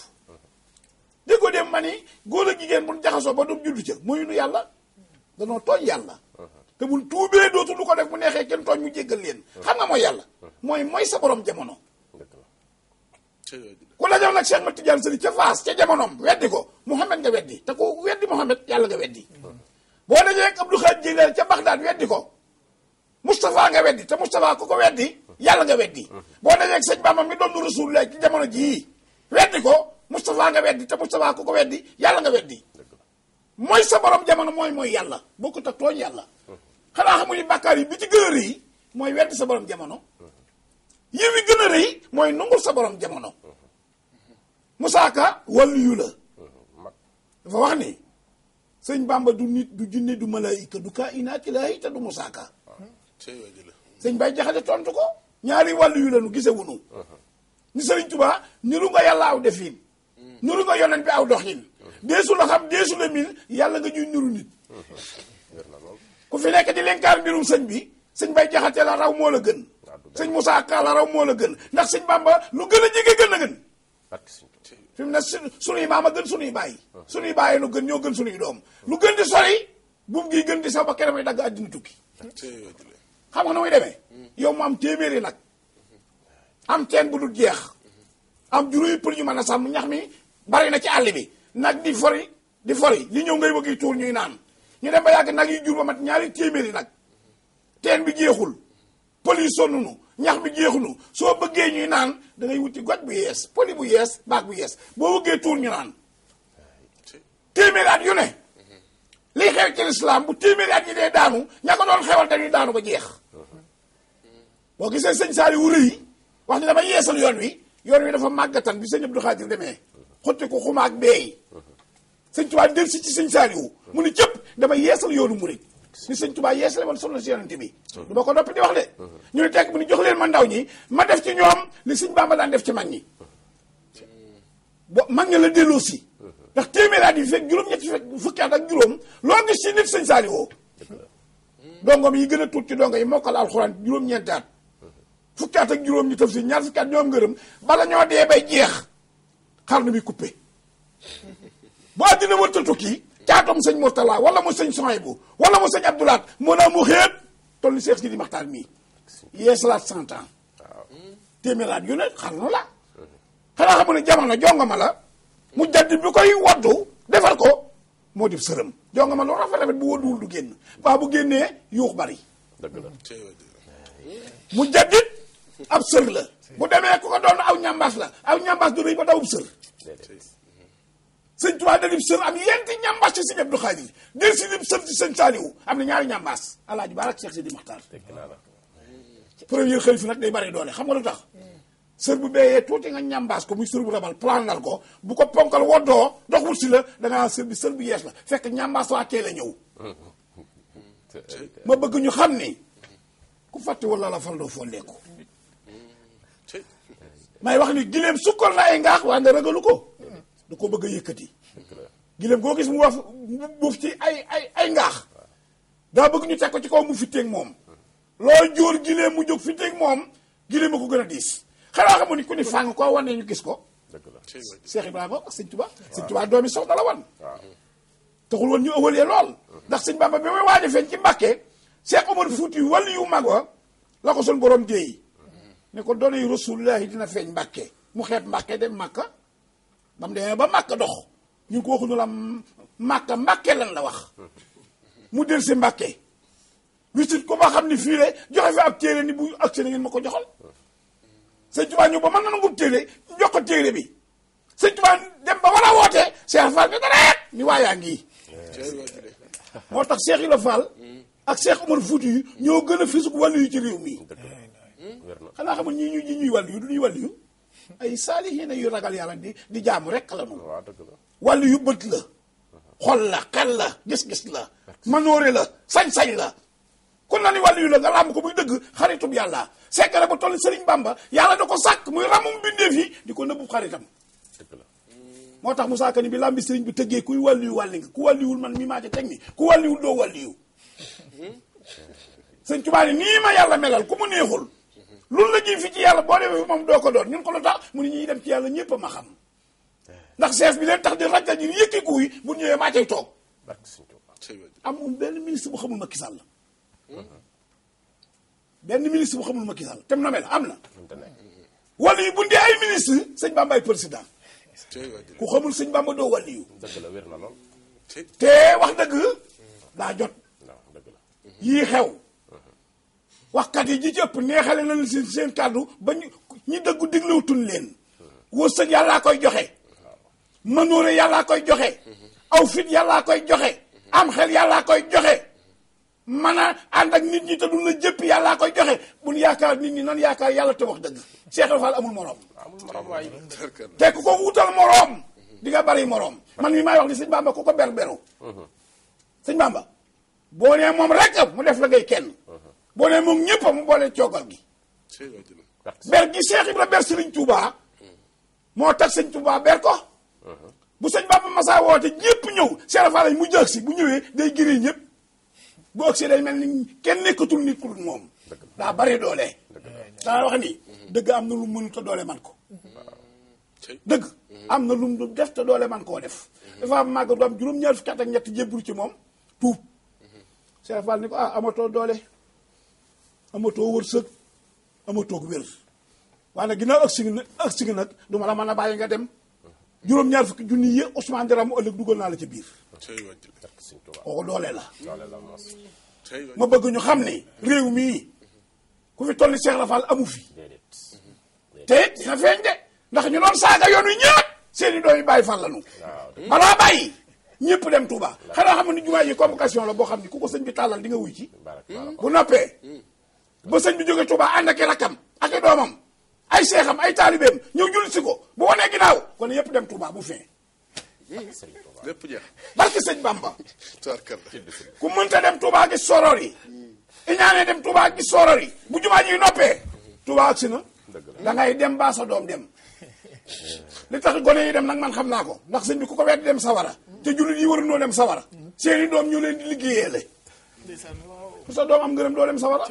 diko dem mani goor ak jigéen buñ jaxaso ba doom juddu ci moy ñu yalla dañu toñ yalla te buñ tuubee dootu lu ko def mu nexé ken tooñ mu jéggal leen xam nga moy yalla moy moy sa borom jëmono ku la jox nag Cheikh Ahmed Tidiane Sëri ca Faas ca jamonoom weddi ko Mouhamed nga weddi te ku weddi Mouhamed yàlla nga weddi boo dajee ak Abdou Khadir Jilani ca Bagdad weddi ko Moustapha nga weddi te Moustapha ku ko weddi yàlla nga weddi boo dajee ak sëñ Bamba jamono jii weddi ko Moustapha nga weddi te Moustapha ku ko weddi yàlla nga weddi mooy sa borom jamono mooy mooy yàlla bokkut ak tooñ yàlla xanaa xamuñu bàkkaar yi bi ci gën a rëy mooy weddi sa borom jamono yiw yi gën a mooy nungul sa borom jamono Moussa Ka waliyu la dafa wax ni sëñ Bamba du nit du jinne du malaayika du kaa inaati laahi te du Moussa Ka sëñ Baye Jaxate tontu ko ñaari waliyu la nu gise wunu ni sëriñ Tuubaa niru nga yàlla aw defin niru nga yonent bi aw doxin deesu la xam deesu la min yàlla nga ñuy niru nit ku fi nekk di lenkaar mbirum sëñ bi sëñ Baye Jaxate la raw moo la gën sëñ Moussa Ka la raw moo la gën ndax sëñ Bamba lu gën a jege gën a gën fi mu ne sunuy maama gën sunuy bàyyi sunuy bàyyi nu gën ñoo gën sunuy doom lu gën di sori buum gi gën di sax ba keroog dagg àddina tukki xam nga na muy demee yow mu am téeméeri nag am teen bu dul jeex am juróomi pour ñu mën a sàmm ñax mi bari na ci àll bi nag di fori di fori li ñëw ngay bëgg tuur ñuy naan ñu dem ba yàgg nag yi jur ba mat ñaari téeméeri nag teen bi jeexul pël yi sonn nu ñax bi jeexunu soo bëggee ñuy naan da ngay wuti goj bu yees poli bu yees baag bu yees boo bëggee tuur ñu naan téeméeri at yu ne liy xew ci lislaam bu téeméeri at yi dee daanu ña ko doon xewal dañuy daanu ba jeex boo gisee sëñ saali wu rëy wax ni dama yeesal yoon wi yoon wi dafa màggatan bi sëñ Abdou Khadir demee xotti ko xumaag beey sëñ Tuubaa del si ci sëñ saali wu mu ne cëpp dama yeesal yoonu murit ni sëñ Tuubaa yees la woon sunna si yonente bi du ma ko noppi di wax de ñu ne tekk bu ñu jox leen ma ndaw ñi ma def ci ñoom li sëñ Bàmba daan def ci mag ñi bo mag ñi la delloo si mm-hmm. ndax téeméer at yi fekk juróom ñetti fekk fukki at ak juróom loo gis ci nit sëñ Saliou dongoom yi gën a tuut ci dongo yi mokkal alxuraan juróom ñeenti mm-hmm. fukki at ak juróom ñu taf si ñaar fukki at ñoom ngërëm bala ñoo dee bay jeex xarnu bi coupé (laughs) bu àddina wërta tukki caatam seigne murtala wala mu seigne Sohaybu wala mu seigne abdoulat mo na mu xéet tolli Cheikh Sidi mi yes la 100 ans téeméeraat yu ne xal la xala xamu ne jamono jongama la mu jadd bi koy waddu defal ko modib seureum sërëm jongama lu rafet rafet bu wëdduwul du genn ba bu genné yuux bari la mu jadd ab seur la bu demee ko ko doon aw ñambas la aw ñambas du reuy ba daw seur sëñ tuba dalib sër am yenti ñambas ci sëñ abdou khadi del si lib sër ci sëñ saliou am na ñaari ñambas alaaji barak cheikh sidi makhtar premier xalifa nag day bari doole xam nga lu tax sër bu béyee tuuti nga plan ko muy sir bu rabal nal ko bu ko ponkal woddoo dox wut si la da nga sër bi sër bu yees la fekk ñambaas waa teel a (laughs) ma bëgg ñu xam ni ku fàtte wala la fal doo folleeku may wax ni gilem sukkal na ay ngaax waa nga ko da ko bëgg a yëkkati giléem goo gis mu waf buuf ci ay ay ay ngaax daa bëgg ñu teg ko ci kaw mu fitteeg moom loo jóor giléem mu jóg fitteeg moom giléem a ko gën a diis xanaa xamu ni ku ni fàng koo wan ñu gis ko Cheikh Ibrahima ak sëñ Tuba sëñ Tuba doomi sox dala wan taxul woon ñu ëwalee lool mm-hmm. ndax sëñ Bamba bi muy waaj a feeñ ci Mbàkke Cheikh Omar Fuuti wàllu yu mag wa la ko suñ borom déey mm-hmm. ne ko doonay rasulullahi dina feeñ Mbàkke mu xeeb Mbàkke dem Màkka ba mu ba màkk dox ñu ko waxuñu la màkk mbàkke lan la wax mu del si mbàkke wisit ko ba xam ni fii le joxe fi ab téere ni bu ak na ngeen ma ko joxal sëñ Tuubaa ñëw ba mën na nangu téere jox ko téere bi sëñ Tuubaa dem ba war a wootee Cheikh Fall bi dara ni waayaa ngi moo tax Cheikh la Fall ak Cheikh Omar Fouti yu ñoo gën a fisug wàllu yu ci réew mi xanaa xamul ñii ñu ñuy wàllu yu du ñuy wàllu yu ay saalihiina yu ragal yàlla di di jaamu rek la noonu. waaw dëgg la wàllu yu bët la. xol la xel la gis-gis la. manoore la sañ-sañ la. kon na ni wàllu yu la nga ràmm ko muy dëgg xaritub yàlla sekkare ba toll Serigne Bamba yàlla da ko sàkk muy ràmmum bindeef yi di ko nëbbu xaritam. moo tax mu Kane bi lambi Serigne bu tëggee kuy wàllu yu wàlli nga ku wàlliwul man mii maa ca teg ni ku wàlliwul doo wàlliyu. Hmm. Sëñ Tuubaa nii ma yàlla melal ku mu neexul. loolu la ñuy fi ci yàlla boo demee fi moom doo ko doon ñun ko lu tax mu ne ñuy dem ci yàlla ñëpp a ma xam ndax chef bi leen tax di rajal ñu yëkki kuy bu ñëwee a cay toog amul benn ministre bu xamul Macky Sall benn ministre bu xamul Macky Sall tem na mel am na wala yi bu ndee ay ministre sëñ Bamba ay président ku xamul sëñ Bamba doo wàll yu la wér na lool te wax dëgg daa jot yii xew waxkat yi ji jëpp neexale nañ seen seen kàddu ba ñu ñi dëggu digluwutuñ leen wërsëg yàllaa koy joxe mënuure yàllaa koy joxe aw fit yàllaa koy joxe am xel yàllaa koy joxe man a ànd ak nit ñi te duñ la jëpp yàllaa koy joxe yaakaar nit ñi nan yaakaar yàlla te wax dëgg Cheikh Fall amul morom te ku ko wutal morom di nga bari morom man mi may wax ni sëñ Bamba ku ko berberu sëñ Bamba boo nee moom rek mu def la ngay kenn boo nee moom ñëpp mu boole coogal gi. ber gi Cheikh Ibra ber Serigne Touba. mo tax Serigne Touba ber ko. bu serigne Bàmba Massa wote ñepp ñew Cheikh Fall mu jox ci bu ñewé day giri ñepp bu ëgsee day melni kenn nekkatul nit ku mom da bari doole. da wax ni. deug am na lu mu mënut doole man ko. deug am na lu mu def ta doole man ko def. dafa am màgg do am juroom ñaar fukki ak ñet jébbalu ci mom tuub. Cheikh Fall ni ko ah amato doole. amatoo wërsëg amatoo wér waaye nag ak agsi nag agsi nag du ma la mën a bàyyi nga dem juróom-ñaar fukki junni yee Ousmane Dara mu ëllëg dugal naa la ci biir kooku doolee la ma bëgg ñu xam ni réew mii ku fi toll ni Cheikh amu fi te dina feeñ de ndax ñu doon saaga yoon wi ñëpp seen i doom yi bàyyi fan lanu balaa bàyyi ñëpp dem Touba xanaa xam ni jumaa yi convocation la boo xam ni ku ko sëñ bi tàllal di nga wuy ci bu noppee hmm. ba sëñ bi jóge Touba ànd ak i rakkam ak i doomam ay seexam ay taalibeem ñëw jullit si ko bu wanee ginnaaw kon yëpp dem Touba bu fin lépp jeex barke sëñ Bamba ku mënta dem Touba gis soror i iñaanee dem Touba gi soror yi bu jumaa ji noppee Touba agsi na da dem baa sa doom dem li tax gone yi dem nag man xam naa ko ndax sëñ bi ko ko wet dem sawara te jullit yi waru noo dem sawara seeni doom ñu leen di liggéeyee le ku sa doom am ngërëm doo dem sawara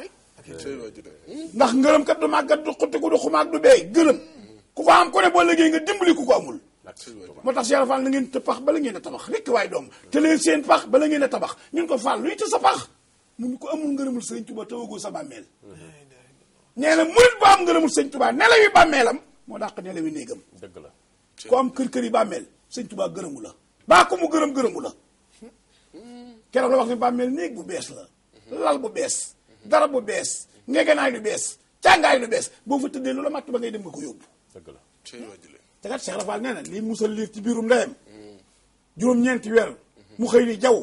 ndax ngërëm kat du màggat du xuttiku du xumaag du beey gërëm ku ko am ku ne boo liggéey nga dimbali ku ko amul moo tax Cheikh Fall na ngeen te pax bala ngeen a tabax rekk waaye doom te leen seen bala ngeen a tabax ñun ko Fall lu te sa pax mun ko amul ngërëmul sëñ Tuba tawagoo sa bàmmeel nee na murit bu am ngërëmul sëñ Tuba nelaw yi bàmmeelam moo dàq nelaw yi néegam dëgg la ku am kër-kër yi bàmmeel sëñ Tuba gërëmu la baa ko mu gërëm gërëmu la hmm. keroog la wax ni bàmmeel néeg bu bees la lal bu bees dara bu bes ngegenay lu canggai càngaay lu bes bo fa tuddé loola màtt ba ngay dem ko yóbbu deug la te kat Cheikh Rafal néna na lii musal liir ci birum ndeyam jurum ñeenti wër mu li ni jaww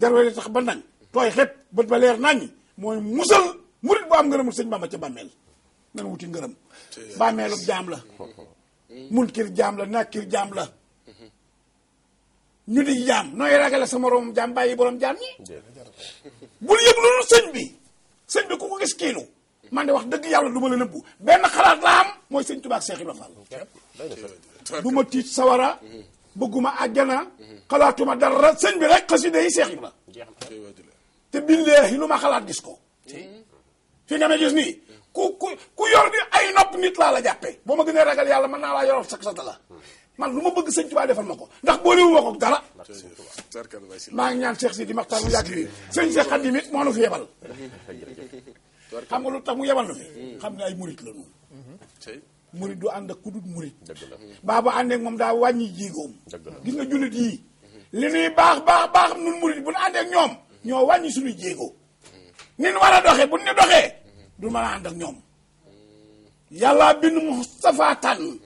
jarwele tax ba nañ toy xet ba ba leer nañ moy musal murit bu am seigne Bamba ci nan wuti garam, bàmmeelub jam la munkir jam la nakir jam la ñu di jam noy ragal sa moroom jam bayyi borom jam ni bul yeb lu bi sëñ bi ku ko gis kiilu man de wax dëgg yàlla du ma la nëbbu benn xalaat la am mooy sëñ Tuubaa ak Seex Ibra Fall du ma tiit sawara bëgguma àjjana xalaatuma dara sëñ bi rek xasida yi Seex Ibra te billaahi lu ma xalaat gis ko fii nga may gis nii ku ku ku yor di ay nopp nit laa la jàppee boo ma gën a ragal yàlla mën naa laa yoral sax sa la man lu ma bëgg sëñ Tuubaa defal ma ko ndax boole wu ma ko dara maa ngi ñaan Cheikh Sidi Maxtaar mu yàgg yi sëñ Cheikh Xadim it moo nu fi yebal xam nga lu tax mu yebal na fi xam ne ay murit la ñu murit du ànd ak ku dul murit baa bu àndeek moom daa wàññi jéegoom gis nga jullit yii li nuy baax baax baax xam nun murit bu nu àndeek ñoom ñoo wàññi suñuy jéego nin war a doxee bu ñu doxee du mën a ànd ak ñoom yàlla bind Mustafa tànn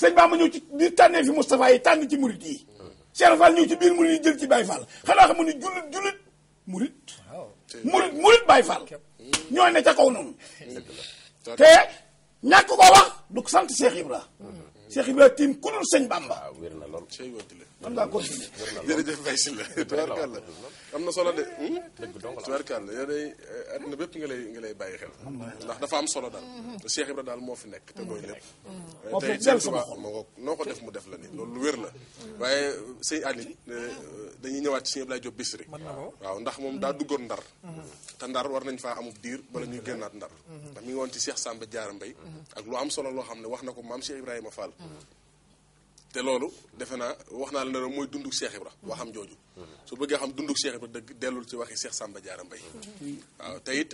sëñ Bamba ñëw ci biir tànnee fi Moustapha yi tànn ci murit yi Cheikh Fall ñëw ci biir murit yi jël ci Baye Fall xanaa xam ne jullit jullit murit murit murit Baye Fall ñoo ne ca kaw noonu te ñàkk ko wax du sant Cheikh Ibra mm-hmm. Cheikh Ibra tiim ku dul sëñ Bamba ah, man laa continuer jërëjëf Faye Sylla tubaarkàlla am na solo de hmm? la yow day eh, àddina bépp nga lay nga lay bàyyi xel ndax dafa am solo daal mm-hmm. te Cheikh Ibra daal moo fi nekk te mm-hmm. mooy lépp mm-hmm. eh, tey Sëñ noo ko def mu def la ni loolu lu wér la waaye sëñ Aline eh, dañuy ñëwaat ci sëñ Abdoulaye Diop Bichri waaw ndax moom daa duggoon ndar te ndar war nañ faa amub diir bala ñuy génnaat ndar ndax mi ci Cheikh Samba Diarra mbay ak lu am solo loo xam ne wax na ko maam Cheikh Ibrahima Fall te loolu defe naa wax naa la ne mooy dunduk Cheikh Ibra waxam jooju su bëggee xam dunduk Cheikh Ibra dëgg dellul ci waxi Cheikh Samba Diarra Mbaye waaw te it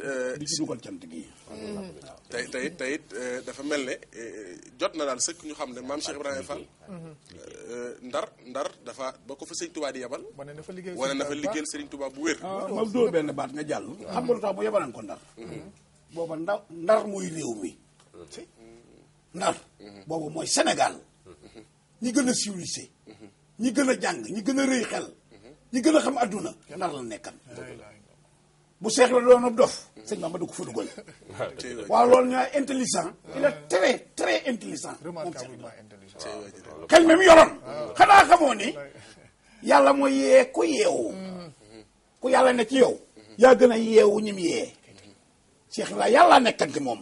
tey tey tey it euh, dafa mel ne euh, jot na daal sëkk ñu xam ne maam Cheikh Ibrahima euh, ndar dafa ba ko fa sëñ Touba di yebal wane na fa liggéeyal sëriñ Touba bu wér ah, ma dóor benn baat nga jàll xam nga lu tax mu ko ndar booba ndar ndar muy réew mi ndar boobu mooy Sénégal ñi gën a civilisé ñi gën a jàng ñi gën a rëy xel ñi gën a xam adduna ndar la nekkan bu seex la doon ab dof sëñ Bamba du ko fa dugal (laughs) waaw loolu ñu naan intelligent il est très très intelligent xel même yoroon ah, xanaa xamoo ni (laughs) yàlla mooy yee ku yeewu ku yàlla ne ci yow yaa gën a yeewu ñim yee seex yàlla nekkanti moom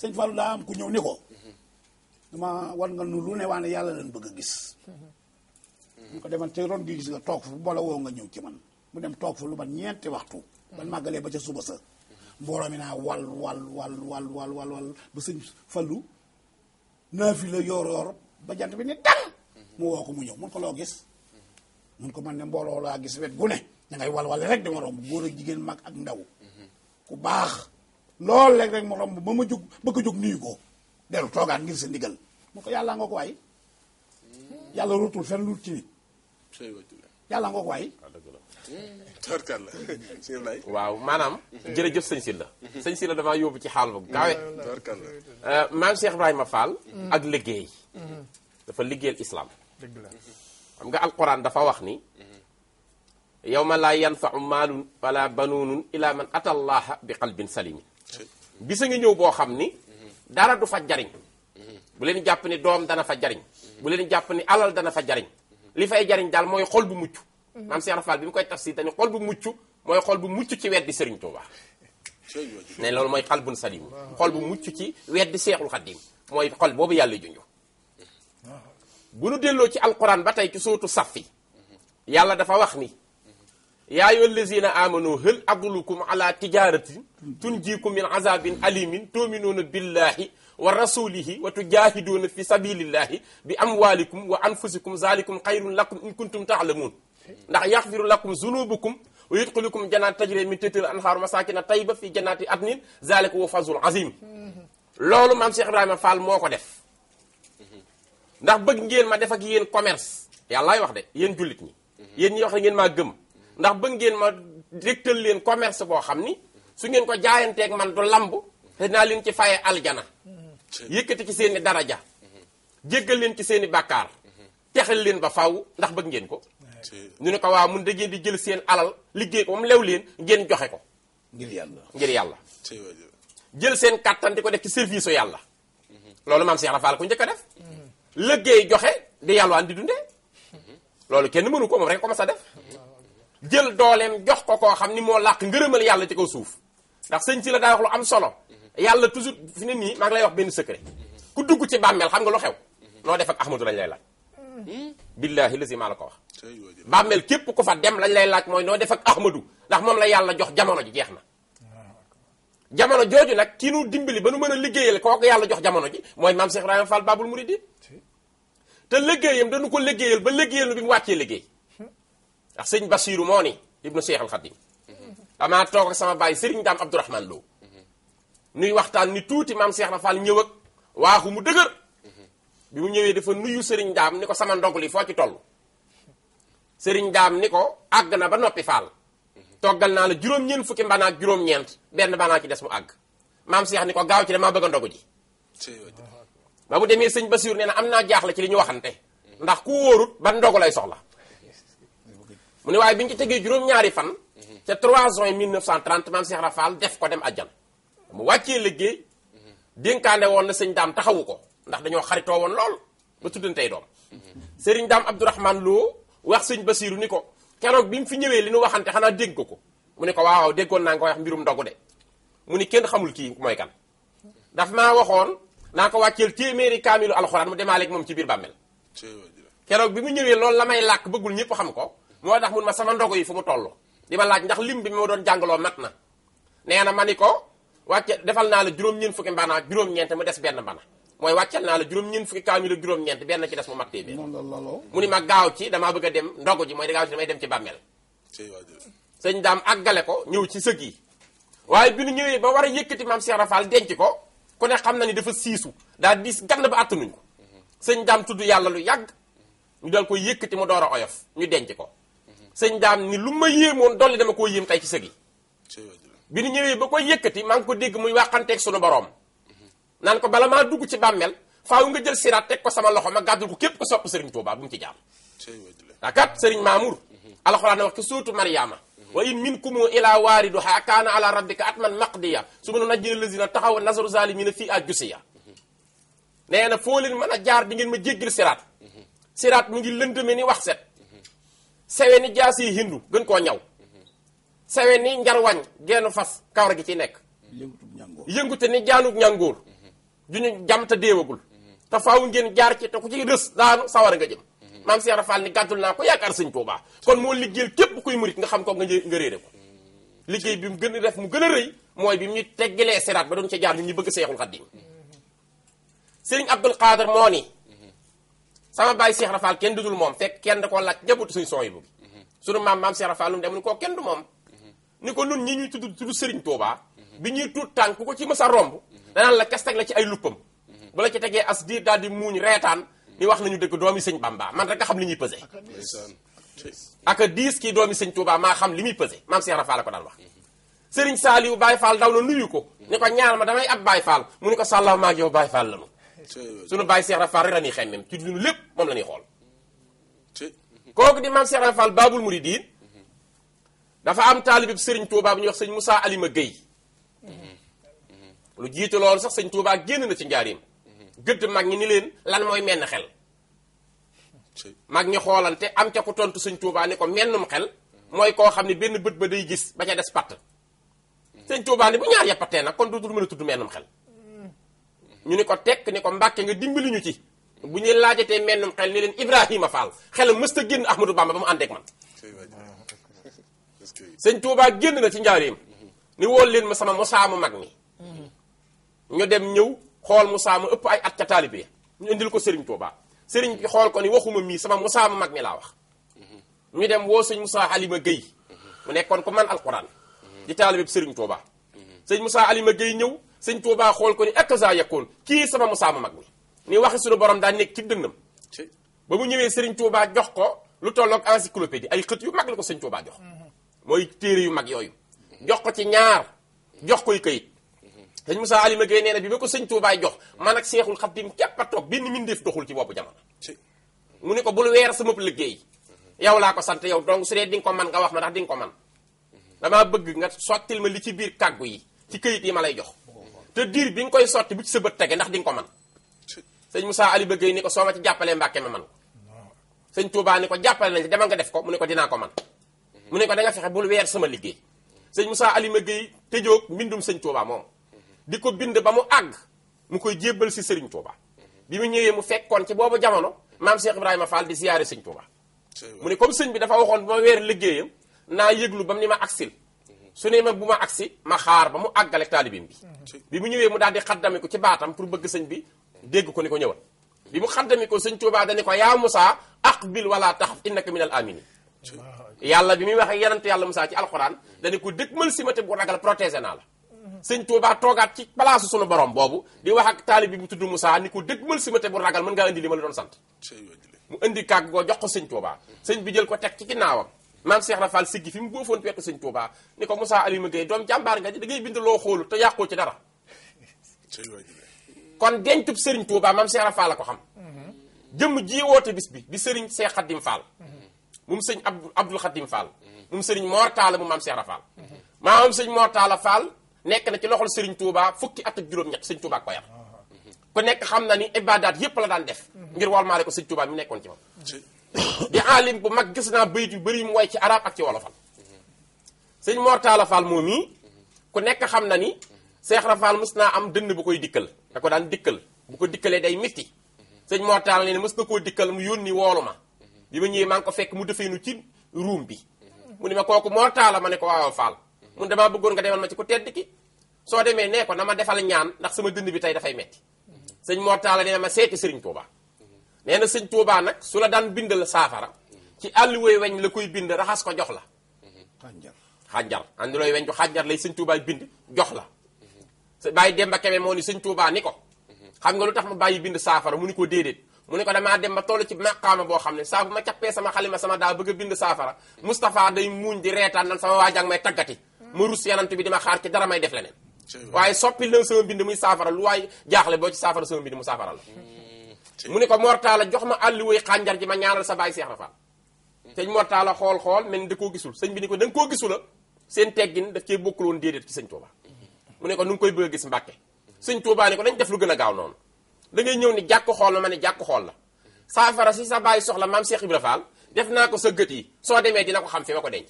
sëñ Fallou daa am ku ñëw ni ko dama war nga nu lu ne waane yàlla leen bëgg a gis ñu ko demal ci ron gi gis nga toog fu boole woo nga ñëw ci man mu dem toog fu lu ban ñeenti waxtu ban màggalee ba ca suba sa mbooloo mi naa wal wal wal wal wal wal wal ba sëñ fallu la yoor yoor ba jant bi ne dal mu woo ko mu ñëw mun gis mun ko man ne mbooloo laa gis wet gu ne da ngay walwale rek dama romb góor a jigéen mag ak ndaw ku baax lool rek rek ma romb ba ma jóg bëgg a jóg nuyu ko dellu toogaat ngir sen digal mu ko yalla ngoko way yalla rutul fen lu ci yalla ngoko way ko ah, waay torkalla sëñ lay waaw maanaam jërëjëf sëñ silla seigne silla dama yobu ci xal bu gaawe euh maam Cheikh Ibrahima Fall ak liggey dafa liggeel islam dëgg la xam nga alquran dafa wax ni yawma la yanfau malun wala banun ila man ata allaha bi qalbin bisa nga ñew bo xamni dara du fa jariñ bu leen jàpp ni doom dana fa jariñ bu leen jàpp ni alal dana fa jariñ li fay jariñ daal mooy xol bu mucc maam Cheikh Rafal bi mu koy tafsir dañu xol bu mucc mooy xol bu mucc ci weddi Serigne Touba ne loolu mooy xal bun salim bu mucc ci weddi Seexul Xaddim mooy xol boobu yàlla junju bu nu delloo ci alquran ba tey ci sootu saffi yàlla dafa wax ni يا أيها الذين آمنوا هل أدلكم على تجارة تنجيكم من عذاب أليم تؤمنون بالله ورسوله وتجاهدون في سبيل الله بأموالكم وأنفسكم ذلكم خير لكم إن كنتم تعلمون ndax yaxfiru lakum zunubukum wa yudxilukum jannat tajri min tahtiha al-anhar masakin tayyiba fi jannati adnin zalika wa fazul azim loolu maam Cheikh Ibrahima Fall moo ko def ndax bëgg ngeen ma def ak yéen commerce yàllaay wax de yéen jullit ñi yéen ñi wax ngeen maa gëm ndax bëgg ngeen ma dégtal leen commerce boo xam ni su ngeen ko jaayanteeg man du lamb te dinaa leen ci faye aljana yëkkati ci seen i daraja jéggal leen ci seen i bàkkaar leen ba faw ndax bëgg ngeen ko ñu ne ko waaw mun da ngeen di jël seen alal liggéey ko moom lew leen ngeen joxe ko ngir yàlla ngir yàlla jël seen kàttan di ko def ci service u yàlla loolu maam Cheikh Rafal ku njëkk a def liggéey joxe di yàlla di dundee loolu kenn mënu ko moom rek ko mas a def jël dooleem jox ko koo xam ni moo làq ngërëmal yàlla ci kaw suuf ndax sëñ si la daa wax lu am solo yàlla toujours fi ne nii maa lay wax benn secret ku dugg ci bàmmeel xam nga lu xew noo def ak ahmadu lañ lay laaj billaahi lazi maa la ko wax bàmmeel képp ku fa dem lañ lay laaj mooy noo def ak ndax moom la yàlla jox jamono ji jeex na jamono jooju nag ki nu dimbali ba nu mën a liggéeyal kooku yàlla jox jamono ji mooy maam seex Ibrahima Fall Babul Muridi te liggéeyam dañu ko liggéeyal ba liggéeyal nu bi mu wàccee liggéey ndax seigne basirou mo ni ibnu cheikh Khadim. dama tok ak sama baye serigne dam abdourahman lo. nuy waxtan ni touti mam cheikh rafal ñew ak waxu mu dëgër bi mu dafa nuyu serigne dam niko sama ndogli fo ci toll serigne dam niko agna ba nopi fal togal na la juróom ñeen fukki ak juróom-ñeent benn bana ci dess mu ag mam cheikh niko gaaw ci dama bëgg a ndogu ji ba mu serigne basirou na am ci li ñu waxante ndax ku worut ban ndogu lay soxla mu ne waaye bi ñu ci tegee juróom-ñaari fan ca 3 juin 1930 maam Cheikh Rafal def ko dem ajjan mu wàccee liggéey dénkaane woon na sëñ daam taxawu ko ndax dañoo xaritoo woon lool ba tuddantey doom sëriñ daam Abdourahman Lo wax sëñ Basiiru ni ko keroog bi mu fi ñëwee li nu waxante xanaa dégg ko mu ne ko waaw déggoon naa nga ko wax mbirum ndogu de mu ne kenn xamul kii mooy kan daf maa waxoon naa ko wàcceel téeméeri kaamilu alxuraan mu demaaleeg moom ci biir bàmmel keroog bi mu ñëwee loolu la may làkk bëggul ñëpp xam ko mo tax mun ma sama ndogo yi fu mu tollu di ma laaj ndax lim bi mo doon jangalo mat na nee na ma defal na la juróom ñeen fukki mbana ak ñent mu dess ben mbana moy waccal na la juróom ñeen fukki kaamil ak juróom ñeent benn ci dess mu mat bi mu ni ma gaaw ci dama bëgg dem ndogo ji moy da gaaw ci may dem ci bammel señ dam àggale ko ñew ci seug yi waye bi ñu ñewé ba wara yëkëti mam Cheikh Rafal denc ko ku ne xam na ni dafa siisu da dis gann ba attanuñ ko sëñ daam tudd yàlla lu yag ñu dal ko yëkëti mu doora oyof ñu denc ko sëñ daam ni lu ma moon dolli dama koo yéem tey ci sëg yi bi nu ñëwee ba koy yëkkati maa ngi ko dégg muy waxanteeg sunu boroom nan ko bala maa dugg ci bàmmeel faaw nga jël siraat teg ko sama loxo ma gàddul ko képp ko sopp sëriñ Tuubaa bu mu ci jaar akat sëriñ Maamour alxuraan na wax ki suuratu Mariyaama wa in minkumu ila waariduhaa kaana ala rabbika atman maqdiya su mën a najjina lazina taxaw nasaru zaalimina na a jusiya nee na foo leen mën a jaar di ngeen ma jéggal siraat siraat mi ngi lëndëme ni wax set sewe ni jaas yi hindu gën koo ñaw sewe ni njarwañ genn fas kawar gi ci nekk yëngute ni jaanug ñàngoor ju ñu jam te déewagul te faaw ngeen jaar ci te ku ci rës daanu sawar nga jëm maam Cheikh Rafal ni gàddul naa ko yaakaar sëñ Tuubaa kon moo liggéeyal képp kuy murit nga xam ko nga nga réere ko liggéey bi mu gën a def mu gën rëy mooy bi mu ñu teggilee siraat ba doon ca jaar ñu bëgg seexul xaddim sëriñ Abdul Qadir moo ni sama baay Cheikh Rafal kenn dudul moom fekk kenn da koo laaj njabootu suñu son yi bu sunu maam maam Cheikh Rafal lu mu dem ni ko kenn du moom ni ko nun ñi ñuy tudd tudd Serigne Touba bi ñuy tuut tànk ku ko ci mës a romb dana la kas teg la ci ay luppam bu la ci tegee as diir daal di muuñ reetaan ni wax nañu dëgg doomi sëñ Bamba man rek a xam li ñuy pesé ak diis kii doomi sëñ Touba maa xam li muy pesé maam Cheikh la ko daan wax Serigne Saliou Baye Fall daw na nuyu ko ni ko ñaar ma damay ab Baye Fall mu ni ko sàllaw maa ak yow Baye Fall suñu bàyyi Cheikh Rafal rek la ñuy xemmem ci dunu lépp moom la ñuy xool kooku di maam Cheikh Rafal baabul muridiin dafa am taalibib sëriñ tuubaa bu ñuy wax sëñ Moussa Alima Gueye lu jiite loolu sax sëñ Touba génn na ci njaarim gëdd mag ñi ni leen lan mooy menn xel mag ñi xoolante am ca ku tontu sëñ tuubaa ni ko mennum xel mooy koo xam ne benn bët ba day gis ba ca des patt sëñ Touba ni bu ñaar ya pattee nag kon dootul mën a tudd mennum xel ñu ni ko tekk ni ko mbàkke nga dimbali ñu ci bu ñuy laajatee mennum xel ni leen Ibrahima Fall xelam mës ta génn Ahmadou Bamba ba mu àndeek man sëñ Tuubaa génn na ci njaareem ni wool leen ma sama Musaa mu mag mi ñu dem ñëw xool Musaa mu ëpp ay at ca taalibe ñu ko sëriñ Tuubaa sëriñ bi xool ko ni waxuma mii sama Musaa mu mag mi laa wax ñu dem woo sëñ Musaa Halima Gueye mu nekkoon ko man alquran di taalibe sëriñ Tuubaa sëñ Musaa alima Gueye ñëw sëñ Tuubaa xool ko ni ak sa yakkoon kii sama Musaa ma mag mi ni waxi suñu borom daa nekk ci dënnam ba mu ñëwee sëriñ Tuubaa jox ko lu tolloog encyclopédie ay xët yu mag la ko sëñ Tuubaa jox mm-hmm. mooy téere yu mag yooyu jox ko ci ñaar jox koy këyit mm-hmm. sëñ Moussa Alima Gueye nee na bi ma ko sëñ Tuubaay jox man ak Seexul Xadiim képp a toog benn mbindeef doxul ci boppu jamono mu ne ko bul weer sama liggéey mm-hmm. yow laa ko sant yow donc su dee di ko man nga wax ma ndax di nga ko man damaa bëgg nga sottil ma li ci biir kàggu yi ci këyit yi ma lay jox te diir bi nga koy sotti bu ci sa bët tege ndax di ko man sëñ musa Ali Bëggey ni ko soo ci jàppalee Mbàkke ma man ko sëñ Touba ni ko jàppale nañ ci demal nga def ko mu ne ko dinaa ko man mu ne ko da nga fexe bul weer sama liggéey sëñ Moussa Ali Bëggey tëjoog mbindum sëñ Touba moom di ko bind ba mu àgg mu koy jébbal si sëriñ Touba bi mu ñëwee mu fekkoon ci boobu jamono maam Cheikh Ibrahima Fall di siyaare sëñ Touba mu ne comme sëñ bi dafa waxoon ba ma weer liggéeyam naa yëglu ba mu ni ma aksil su ne ma bu ma agsi ma xaar ba mu àggale taalibim bi mm-hmm. bi mu ñëwee mu daal di xaddami ko ci baatam pour bëgg sëñ bi dégg ko ni ko ñëwal bi mu xaddami ko sëñ Tuubaa dani ko yaa Musaa aqbil wala taxaf innaka minal aminin yàlla bi muy wax ak yonent yàlla Musaa ci alxuraan dani ko dëgmal si ma te bu ragal protégé naa la mm-hmm. sëñ Tuubaa toogaat ci palaasu sunu borom boobu di wax ak taalib bi bu tudd Musaa ni ko dëgmal si ma te bu ragal mën ngaa indi li ma la doon sant mu indi kàgg goo jox ko sëñ Tuubaa sëñ bi jël ko teg ci ginnaawam maam Cheikh Rafal siggi fi mu boofoon wetu sëñ Touba ni ko Moussa Aliouma Gueye doom jàmbaar nga ji da ngay bind loo xoolu te yàqoo ci dara (laughs) kon dencub sëriñ Touba maam Cheikh Rafal la ko xam mhm. jëmm ji woote bis bi di sëriñ Cheikh Khadim Fall mhm. moom sëñ Abdou Abdoul Khadim Fall mhm. moom sëriñ Mor Talla mu maam Cheikh Rafal maam sëñ Mor Talla nekk na ci loxol sëriñ Touba fukki at juróom-ñett sëñ Touba ko yar ku nekk xam na ni ibadaat yépp la daan def ngir walmaale ko sëñ Touba mu nekkoon ci moom di aalim bu mag gis naa bayit yu bëri mu way ci arab ak ci wolofal sëñ Mor Talla Fall moom mii ku nekk xam na ni Seex Rafaal mës naa am dënn bu koy dikkal da ko daan dikkal bu ko dikkalee day métti sëñ Mor Talla nee na mës na koo dikkal mu yónni woolu ma bi ma ñëwee maa ko fekk mu defee nu ci ruum bi mu ne ma kooku Mor ma ne ko waaw Fall mun damaa bëggoon nga demal ma ci ku tedd ki soo demee nee na ma defal ñaan ndax sama dënn bi tey dafay métti sëñ Mor Talla nee na ma seeti Sëriñ Tuubaa nee na sëñ Tuubaa nag su la daan bindal saafara ci àlluwee weñ la koy bind raxas ko jox la xànjar xànjar ànduloy weñ ko xànjar lay sëñ Tuubaa bind jox la bàyyi Demba Kebe moo ni sëñ Tuubaa ni ko xam nga lu tax ma bàyyi bind saafara mu ni ko déedéet mu ne ko damaa dem ba toll ci maqaama boo xam ne saa ma cappee sama xalima sama daa bëgg bind saafara Moustapha day muuñ di reetaan nan sama waajang may taggati ma rus yanant bi dima xaar ci dara may def leneen waaye soppil na sama bind muy saafara lu waaye jaaxle boo ci saafara sama bind mu saafara la mu ne ko mortaala jox ma àll woy xànjar ji ma ñaanal sa baay Seex Rafal hmm. sëñ mortaala xool xool mel ni da koo gisul sëñ bi ni ko da nga koo gisula seen teggin daf cee bokkul woon déedéet ci sëñ Touba hmm. mu ne ko nu koy bëgg gis Mbàkke sëñ Touba ne ko dañ def lu gën a gaaw da ngay ñëw ni jàkk xool la ma ne jàkk xool la saafara si sa baay soxla maam Seex Ibra Faal def naa ko sa gët yi soo demee dina ko xam fi ma ko denc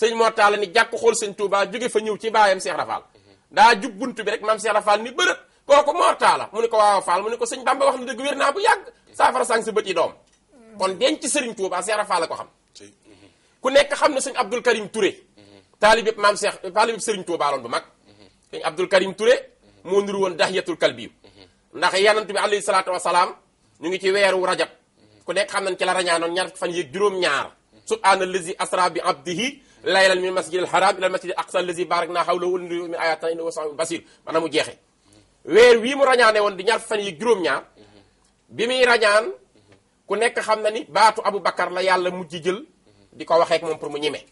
sëñ mortaala ni jàkk xool sëñ Touba jóge fa ñëw ci baayam Seex Rafal hmm. daa jub bunt bi rek maam Seex Rafal ni bërët kooku mortaala mu ne ko waaw faal mu ne ko sëñ Bamba wax na dëgg wér naa bu yàgg saafara sang si bët yi doom kon denc sëriñ Touba Seera Faal la ko xam ku nekk xam ne sëñ Abdul Karim Touré taalibib maam Cheikh taalibib sëriñ Touba loon bu mag sëñ Abdul Karim Touré moo nuru woon daxiyatul kalbi ndax yanantu bi alayhi salaatu wasalaam ñu ngi ci weeru rajab ku nekk xam nañ ci la rañaanoon ñaar fan yéeg juróom-ñaar subhaana allazi asra bi abdihi laylan min masjidil haram ila masjidil aqsa allazi barak naa hawlahu min ayatina innahu samiun mu jeexe weer wii mu rañaane woon di ñaar fan yi juróom-ñaar bi muy rañaan ku nekk xam ni baatu abou bakar la yàlla mujj jël di ko waxeek moom pour mu ñime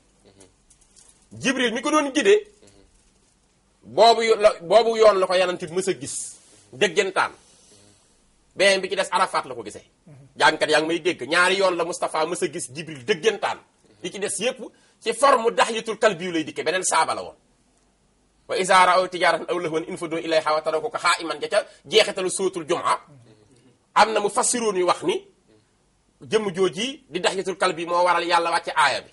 jibril mi ko doon gidee boobu la boobu yoon la ko yanantit mësa gis beneen bi ci des arafat la ko gisee jàngkat yaa ngi may dégg ñaari yoon la mustapha mësa gis jibril déggantaan di ci des yépp ci forme daxyatul kalbi lay dikke beneen saaba la woon waa wa iza ra'aw tijaratan aw lahwan infadoo ilayha wa tarakuka xaa'iman ja ca jeexitalu sóotul jumaa am na mu fassiroon yu wax ni jëmm jooji di dahyatul kalbi moo waral yàlla wàcce aaya bi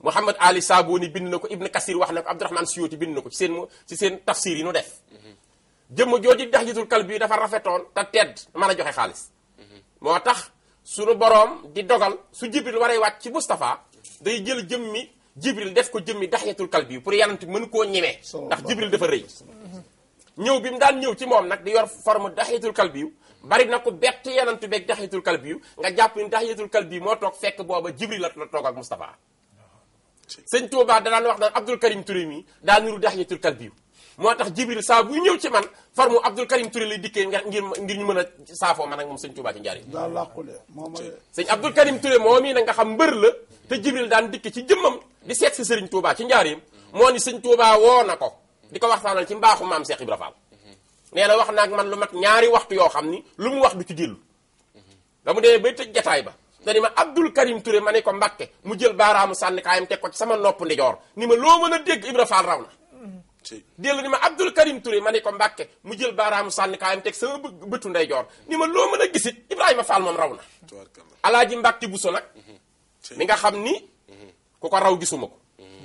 Muhammad Ali Saabuni bind na ko Ibn Kasir wax na ko Abdurahman Suyuti bind na ko ci seen ci seen tafsir yi nu de jëmm jooji di dahyatul kalbi dafa rafetoon te tedd mën a joxe xaalis moo tax sunu boroom di dogal su Jibril waree wàcc ci Mustapha day jël jëmmi jibril def ko jëmmi daxyatul kalbi bi pour yanant mën koo ñemee ndax jibril dafa rëy ñëw bi mu daan ñëw ci moom nag di yor forme daxyatul kalbi yu bari na ko bett yanant beeg daxyatul kalbi yu nga jàpp ni daxyatul kalbi yu moo toog fekk booba jibril la toog ak Moustapha sëñ Touba danaan wax naan Abdul Karim Touré mi daa nuru daxyatul kalbi yu moo tax jibril saa buy ñëw ci man forme Abdul Karim Touré lay dikkee ngir ngir ñu mën a saafoo man ak moom sëñ Touba ci njaari sëñ Abdul Karim Touré moom i na nga xam mbër la te jibril daan dikk ci jëmmam di seet si sëriñ Touba ci njaarim moo ni sëñ Touba woo na ko di ko waxtaanal ci mbaaxu maam Cheikh Ibra Fall nee na wax naag man lu mat ñaari waxtu yoo xam ni lu mu wax du ci dellu ba mu demee bay tëj jataay ba te ni ma Abdul Karim Touré ma ne ko mu jël baaraamu sànni kaayam teg ko ci sama nopp ndijoor ni ma loo a dégg Ibra raw na dellu ni ma Abdul Karim Touré ma ne ko Mbàkke mu jël baaraamu sànni kaayam teg sama bëtu ndeyjoor ni ma loo mën a gisit Ibrahima Fall moom raw na alaaji Mbàkke Buso nag mi nga xam ni mm-hmm. ku ko raw gisuma ko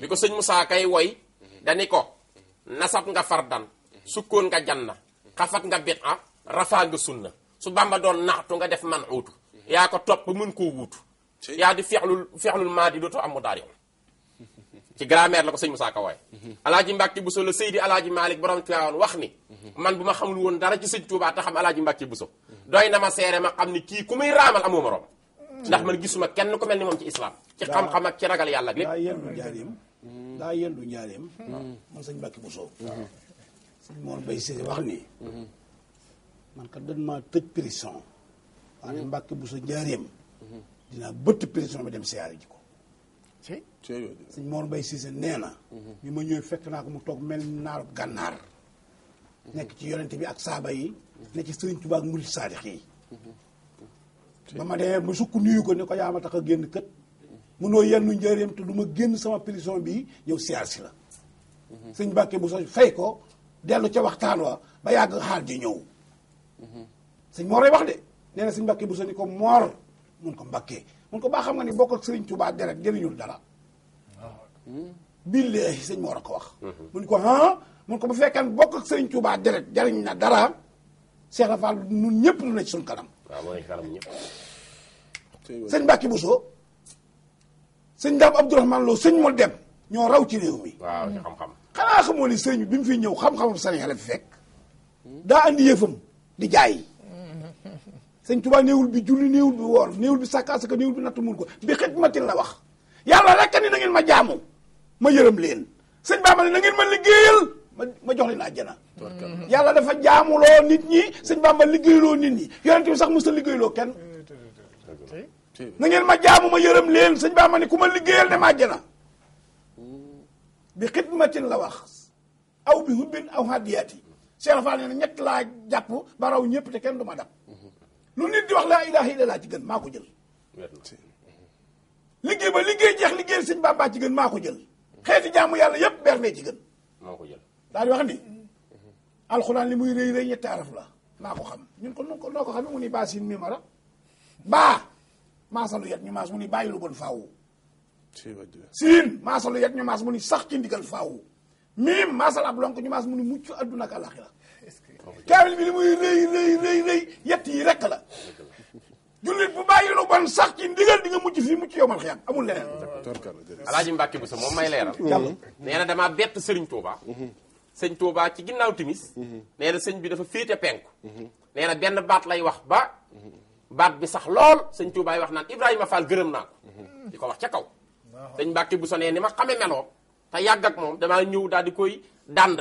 bi ko sëñ Moussa kay way dani ko nasab nga fardan sukkoon nga janna xafat nga bid'a rafa nga sunna su bamba doon naxtu nga def man uutu yaa ko topp mën koo wuutu yaa di fexlul fexlul maa di dootoo am mu daari ci grammaire la ko sëñ Moussa Ka way alaaji Buso le Seydi alaaji Malik borom Tiwaawan wax ni man bu ma xamul woon dara ci sëñ touba te xam alaaji Mbàkke Buso doy na ma seere ma xam ni kii ku muy raamal ndax man gisuma kenn ku melni mom ci islam ci xam-xam ak ci ragal yalla ak lépp yendu ñaarim daa yendu ñaarim hmm. man señ Mbàkke Bousso señ Mor Bay Sise wax ni hmm. man ka dañ ma tëj prison waaye Mbàkke Bousso ñaarim hmm. dina bëtt prison ba dem siyaare ji ko señ Mor Bay Sise nee ma ñëw fekk na ko mu tok mel naar gannar nek ci yoonte bi ak saaba yi nek ci sëriñ Tuubaa ak yi ba ma dee ma sukk nuyu ko ni ko yaama ma tax a génn kët mënoo yennu njëriñam te du ma génn sama prison bi yow siyaasi la sëñ Mbàkke bu so fay ko dellu ca waxtaan wa ba yàgg xaal ji ñëw sëñ Moor wax de nee na sëñ bu so ni ko Mor mun ko Mbàkke mun ko baa xam nga ni bokk ak sëriñ Tuubaa deret jëriñul dara billahi sëñ Moor ko wax mun ko ah mun ko bu fekkan bokk ak sëriñ Tuubaa dere jëriñ na dara Cheikh Rafal nun ñëpp lu ne ci suñ kanam waaw mooy ñëpp sëñ Mbacke Bousso sëñ Dame Abdourahmane Lo sëñ Mol dem ñoo raw ci réew mi. waaw ci xam-xam. xanaa xamoo ni sëñ bi mu fi ñëw xam-xamam Sénégal la fekk daa andi yëfam di jaay. sëñ Tuubaa néewul bi julli néewul bi woor néewul bi sàkk asaka néewul bi natt mun ko bi xidmatin la wax yàlla rek ni nangeen ngeen ma jaamu ma yërëm leen sëñ Bamba ne na ngeen ma liggéeyal ma ma jox leen àjjana yàlla dafa jaamuloo nit ñi sëñ Bamba liggéeyloo nit ñi yonente bi sax mu a liggéeyloo kenn na ngeen ma jaamu ma yërëm leen sëñ baa ma ne ku ma liggéeyal dem àjjana bi xidmatin la wax aw bi hubbin aw hadiyaati Cheikh Fall nee na ñett laa jàpp ba raw ñëpp te kenn du ma dab lu nit di wax laa ilaha illallah ci gën maa ko jël liggéey ba liggéey jeex liggéeyal sëñ baa ci jigéen maa ko jël xeeti jaamu yàlla yëpp bernde ci gën maa ko jël daal di wax ni alxuraan li muy rëy rëy ñetti araf la maa ko xam ñun ko nun ko noo ko xam ne mu ni baa sin mimara maasalu yat ñu mas mu ni bàyyi lu bon faaw siin maasalu yat ñu mas mu ni sax ci ndigal faaw miim maasal ab lonk ñu mas mu ni muccu aduna ka lakhira kamil bi muy reey reey reey yi rek la jullit bu bayilu bon sax ci ndigal di nga muccu fi muccu yowal xiyam amul leneen alaaji mbacke bu sa mom may leral mhm. neena dama bet serigne touba mhm. serigne touba ci ginnaw timis mhm. neena serigne bi dafa fete penku neena benn lay wax ba baat bi sax lool sëñ Tuubaay wax naan Ibrahima Fall gërëm naa ko di ko wax ca kaw dañ Mbàkke bu sonee ni ma xame meloo te yàgg moom damaa ñëw daal di koy dànd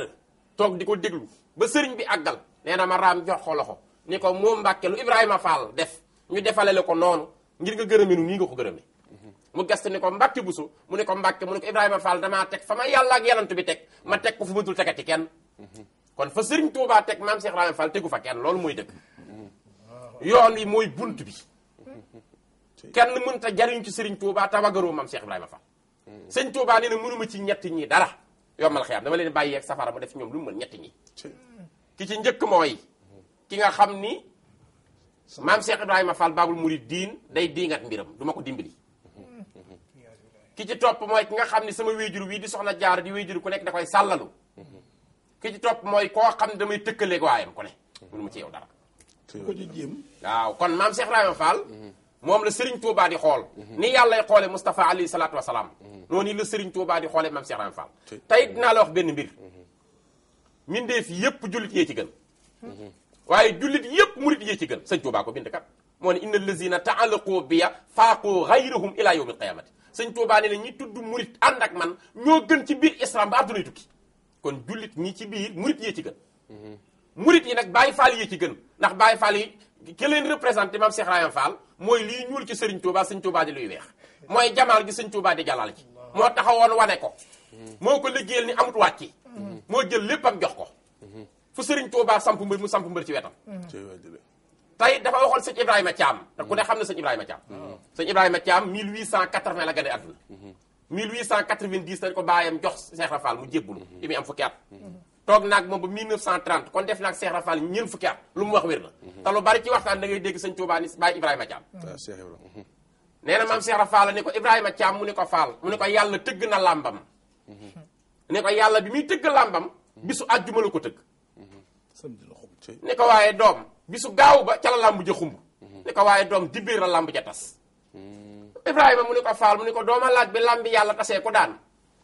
toog di ko déglu ba sëriñ bi àggal nee na ma raam jox ko loxo ni ko moom Mbàkke lu Ibrahima Fall def ñu defale la ko noonu ngir nga gërëme nu nii nga ko gërëme mu gëstu ni ko Mbàkke Buso mu ne ko Mbàkke mu ne ko Ibrahima Fall damaa teg fa ma yàlla ak bi teg ma teg ko fu ma dul tegati kenn mhm. kon fa sëriñ Tuubaa teg maam Cheikh Ibrahima Fall tegu fa kenn loolu mooy dëgg yoon yi mooy bunt bi kenn mënta jariñ ci sëriñ Touba tawagaroo maam Cheikh Ibrahima Fall sëñ Touba nee na mënuma ci ñett ñi dara yombal xiyam dama leen bàyyi ak safara mu def ñoom lu mu mën ñett ñi ki ci njëkk mooy ki nga xam ni maam Cheikh Ibrahima Fall Babul Mouridine day diingat mbiram duma ko dimbali ki ci topp mooy ki nga xam ni sama wéejur wii di soxna jaar di wéejur ku nekk da koy sàllalu ki ci topp mooy koo xam ne damay tëkkaleeg waayam ku ne dara ku kon maam Cheikh Ibrahima Fall. Mm-hmm. moom la Serigne Touba di xool. Mm-hmm. ni yàllay xoole Moustapha alayhi salaatu wa salaam. Mm-hmm. noonu la Serigne Touba di xoolee maam Cheikh Ibrahima Fall. tey dinaa la wax benn mbir. mbindeef yëpp jullit yee ci gën. waaye jullit yëpp murit yee ci gën sëñ Touba ko bind kat. moo ne inna allazina taallaqu biya faaqu gayrahum ila yawmi alqiyamati sëñ Touba ne ne ñi tudd murit ànd ak man ñoo gën ci biir islam ba àdduna tukki kon jullit ñi ci biir murit yee ci murit yi nag Baye Fall yi ci gën ndax Baye Fall yi ki leen représenté maam Cheikh Rayam Fall mooy liy ñuul ci Serigne Touba Serigne Touba di luy weex mooy jamaal gi Serigne Touba di jalaal ci moo taxawoon wane ko moo ko liggéeyal ni amut wàcc moo jël léppam jox ko fu Serigne Touba samp mbër mu samp mbër ci wetam tey dafa waxoon sëñ Ibrahima Thiam te ku ne xam na sëñ a Thiam sëñ Ibrahima Thiam 1880 la gane àdduna 1890 dañ ko bàyyam jox Cheikh Rayam tok nak mom ba 1930 kon def nak Cheikh Rafal ñeul fukki at lu mu wax wér na mhm. ta lu bari ci waxtaan da ngay dégg seigne Touba ni Baye Ibrahima cheikh ibrahima neena mam Cheikh Rafal ni ko Ibrahima cham mu ni ko fal mu ni ko yalla teug na lambam mhm. ni ko yalla bi mi teug lambam bisu aljuma lu ko teug ni mhm. ko waye dom bisu gaaw ba ci la lamb je xum ni ko waye dom dibir la lamb ja tas Ibrahima mu ni ko fal mu ni ko doma laaj bi lamb yalla tasee ko daan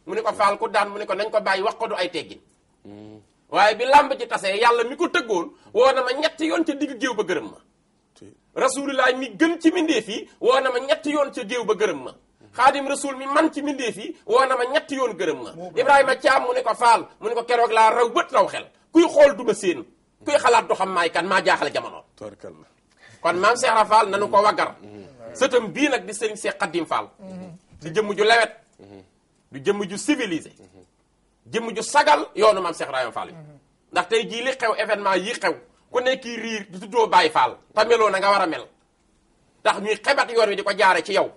mu ni ko fal ko daan mu ni ko nañ ko wax ay teggin Hmm. waaye bi làmb ci tasee yàlla mi ko tëggoon woo na ma ñetti yoon ca digg géew ba gërëm ma rasulullah mi gën ci mbindeef fii woo na ma ñetti yoon ca géew ba gërëm ma xaadim rasul mi man ci mbindeef fii woo na ma ñetti yoon gërëm ma ibrahima caam mu ne ko faal mu ne ko keroog laa raw bët raw xel kuy xool duma seen kuy xalaat du xam maay kan maa jaaxale jamono kon maam Cheikh Ibra Fall nanu ko waggar sëtam bii nag di sëriñ Cheikh Khadim Fall mm-hmm. di jëmm ju lewet di jëmm ju civilisé mm-hmm. jëmm ju sagal yoonu maam Cheikh Ibrahima Fall ndax tey jii li xew événement yi xew ku nekk kii riir di tuddoo Baye Fall te meloo na nga war a mel ndax ñuy xebat yoon wi di ko jaare ci yow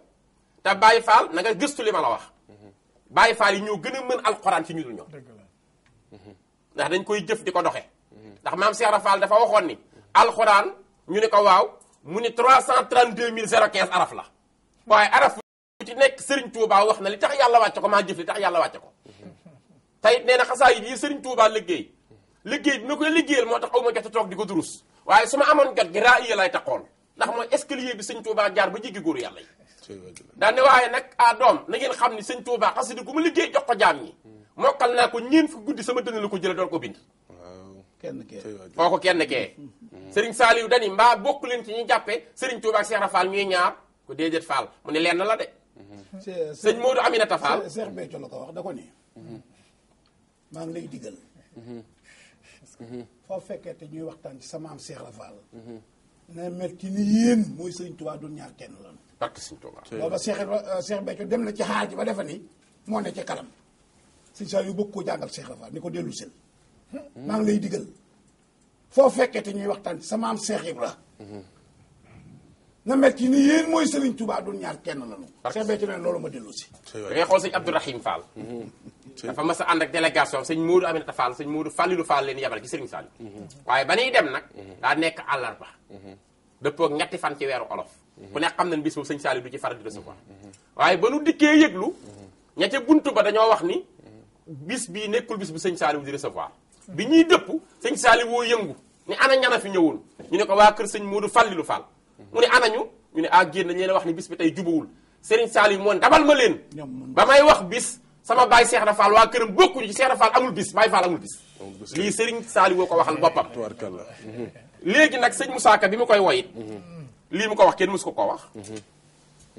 te Baye Fall na nga gëstu li ma la wax Baye Fall yi ñoo gën a mën alxuraan ci ñu dul ñoom ndax dañ koy jëf di ko doxe ndax maam Cheikh Ibra Fall dafa waxoon ni alxuraan ñu ne ko waaw mu ni 332015 araf la waaye araf ci nekk Serigne Touba wax na li tax yàlla wàcce ko maa jëf li tax yàlla wàcce ko tey nee na xasaayid yi Serigne Touba liggéey liggéey bi ma ko liggéeyal moo tax aw ma gerte toog di ko durus waaye su ma amoon jot gi raa iya lay taxoon ndax mooy escalier bi Serigne Touba jaar ba jéggi góor yàlla yi daane waaye nag a ah, doom na ngeen xam ni Serigne Touba xasida gu ma liggéey jox ko jaam ñi mokkal naa ko ñeen fi guddi sama dënn la ko jële doon ko bind kenn kee kenn kee Serigne Saliou dani mbaa bokk leen ci ñuy jàppee Serigne Touba ak Cheikh Rafal ñuy ñaar ko déedéet Fall mu ne lenn la de sëñ Modou Aminata Fall Cheikh Béthio la ko wax da ko nii maa ngi lay digal. Mhm. parce que mhm. foo fekkee te ñuy waxtaan ci sama am Cheikh Rafal. Mhm. na mel ci ni yéen mooy sëñ Touba du ñaar kenn lan. ak sëñ Touba. booba Cheikh euh, Cheikh Béthio dem na ci xaar ji ba defa ni moo ne ci kalam sëñ Sall yu bëgg koo jàngal Cheikh Rafal ni ko dellu sel maa ngi lay digal foo fekkee te ñuy waxtaan ci sama am Cheikh Ibra. na mel ci ni yéen mooy Serigne Touba du ñaar kenn lañu. Cheikh Béthio ne loolu ma dellu si. ngay xool sëñ Abdourahim Fall dafa mas a ànd ak délégation sëñ Modou Aminata Fall sëñ Modou Fallilu Fall leen yabal ci Serigne sall mhm. waaye ba ñuy dem nag mhm. daa nekk àllarba mhm. dëppoo ak ñetti fan ci weeru olof ku nekk xam nañ bis boobu sëñ Saliou du ci faral di recevoir waaye ba nu dikkee yëglu ña ca buntu ba dañoo wax ni bis bi nekkul bis bu sëñ Saliou di recevoir bi ñuy dëpp sëñ sall woo yëngu ni ana ñana fi ñëwoon ñu ne ko waa kër sëñ Modou Fallilu Fall mu ne ana ñu ne ah génn dañ wax ni bis bi tey jubawul Serigne Saliou moom dabal ma leen ba wax bis sama baay seex na Fall waa këram bokkuñu ci Cheikh Ibra Fall amul bis Baay Fall amul bis lii saali Saliou ko waxal boppam léegi nag sëñ Moussa Ka bi mu koy woy mhm. lii mu ko wax kenn mësu ko koo wax mhm.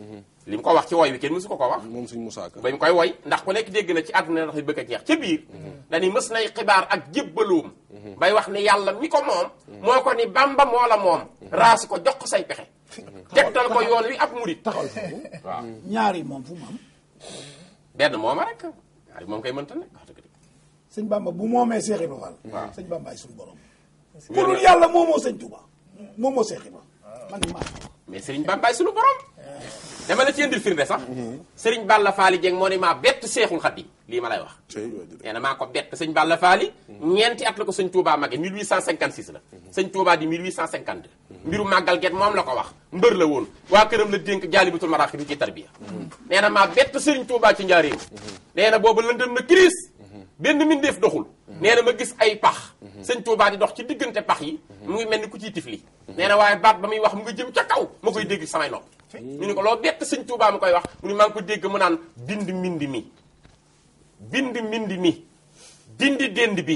Mhm. li mu ko wax ci woy bi kenn mësu ko ko wax moom sëñ Moussa Ka ba koy woy ndax ku nekk dégg na ci àdduna ndax bëgg a jeex ci biir dañuy mës nay xibaar ak jébbaloom bay wax ne yàlla mi ko moom moo ko ni Bamba moo la moom raasi ko jox ko say pexe tegtal ko yoon wi ab murit taxaw waaw ñaari moom fu mu benn mooma rek waaye moom koy mënta nekk wax dëgg dëgg. sëñ bu moomee Seex Ibra Faal. waaw sëñ Bamba ay suñu borom. ku dul yàlla moomoo sëñ Touba moomoo Seex Ibra man maa mais Serigne Bamba ay suñu borom. dama la ci indil firnde sax. Mhm. Serigne Balla Faali Dieng moo maa bett Seexul Xadiim li ma lay wax nee na maa ko bett sëñ Balla Faali ñeenti at la ko sëñ Touba magge 1856 la sëñ Touba di 1852 mbiru màggal get moom la ko wax mbër la woon waa këram la dénk jaalibatul maraaxi bi ci tarbiya neena na maa bett sëriñ Touba ci njaareem neena na booba lëndëm na crise benn mbindeef doxul neena ma gis ay pax sëñ Touba di dox ci diggante pax yi mu ngi ku ciy tifli neena na waaye baat ba muy wax mu ngi jëm ca kaw ma koy dégg samay nopp ñu ni ko loo bett sëñ Touba mu koy wax mu ni maa ngi ko dégg mu naan bind mbind mi Bindi mindi mi dindi dend bi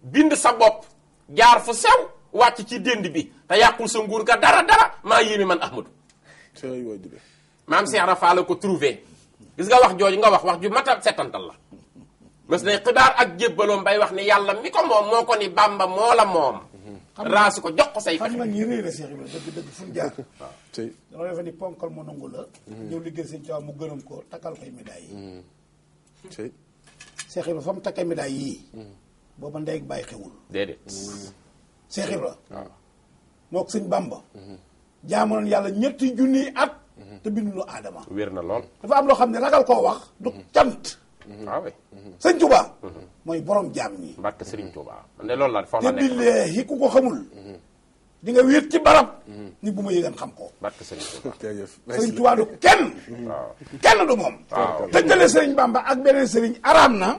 bind sa bop jaar fu sew wacc ci dend bi ta yakul sa nguur ga dara dara ma yéeme man ahmadu mam seex rafaa la ko trouver gis nga wax jooju nga wax wax ju mata setantal la mas ne xibaar ak jebalom bay wax ni yalla mi ko mom moko ni bamba mo la mom ras ko jox ko say fa nga ni réy la seex deug deug fu jaar (laughs) ah, tey dama defe ni ponkal mo nangula ñew mm-hmm. ñëw liggéey seen mu gërëm ko takal fay medaille sey Cheikh Ibra fa mu takkee médaay yii. Mm. booba ndey ak bàyyi xewul. déedéet. Mm. Cheikh Ibra. waaw ah. moog sëñ Bamba. Mm-hmm. jaamoon yàlla ñetti junniy at. Mm-hmm. te bindulu aadama. wér na lool dafa am loo xam ne ragal koo wax. du mm-hmm. cant. waaw ah, sëñ mooy borom jaam ñi. mbàkk sëriñ Touba. man de loolu la ku ko xamul. di nga wéet ci barab. Mm-hmm. ni bu ma yëgan xam ko. barke Serigne Touba (laughs) jërëjëf. Serigne Touba du kenn. kenn du moom. waaw tëjale Serigne Bamba ak beneen Serigne araam na.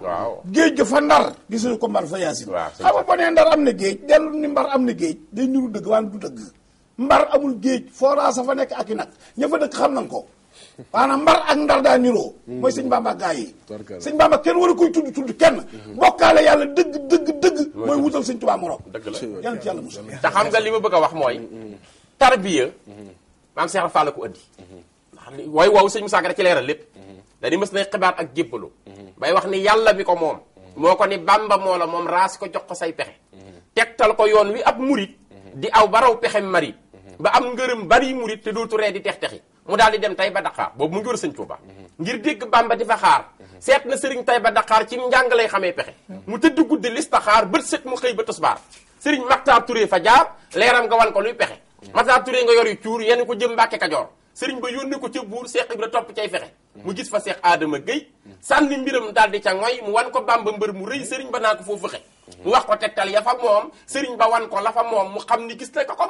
géej ga fa ndar. gisuñu ko mbar fa yaasin. waaw xam nga ndar am na géej dellu ni mbar am na géej day niru dëgg waaye du dëgg. mbar amul géej fooraa sa fa nekk ak yi nag ña fa dëkk xam nañ ko. maanaam mbar ak ndar daa niroo mm. mooy sëñ bamba gaa yi sëñ bamba kenn war a koy tudd tudd kenn mm-hmm. bokkaale yàlla dëgg dëgg dëgg mooy wutal sëñ tubaa morom dëgg la yàlla ci yàlla musul nga li ma bëgg a wax mooy mm-hmm. tarbiya mm-hmm. maam Seex Faal la ko andi xam ni waaye waaw sëñ Musaa Ka ci leeral lépp dañu mës na xibaar ak jébbalu bay wax ni yàlla mi ko moom moo ko ni bamba moo la moom raas ko jox ko say pexe tegtal ko yoon wi ab murit di aw baraw pexe mari ba am ngërëm bari murit te dootu ree di tex texi mu dal di dem tay ba Dakar boobu mu ngor seigne Touba ngir dégg Bamba di fa xaar na sëriñ tay ba Dakar ci njàng lay xamee pexe mu tëdd guddi listaxaar bët set mu xey ba tosbar sëriñ makta Touré fa jaar leeram nga wan ko luy pexe makta Touré nga yor yu cuur yenn ko jëm Mbàkke Kajoor sëriñ ba yónni ko ci bour cheikh Ibra top cay fexe mu gis fa cheikh Adama geey sanni mbiram dal di ca ngoy mu wan ko Bamba mbeur mu rëy sëriñ ba naa ko fexe mu wax ko tektal ya fa mom sëriñ ba wan ko la fa mom mu xamni gis ko ko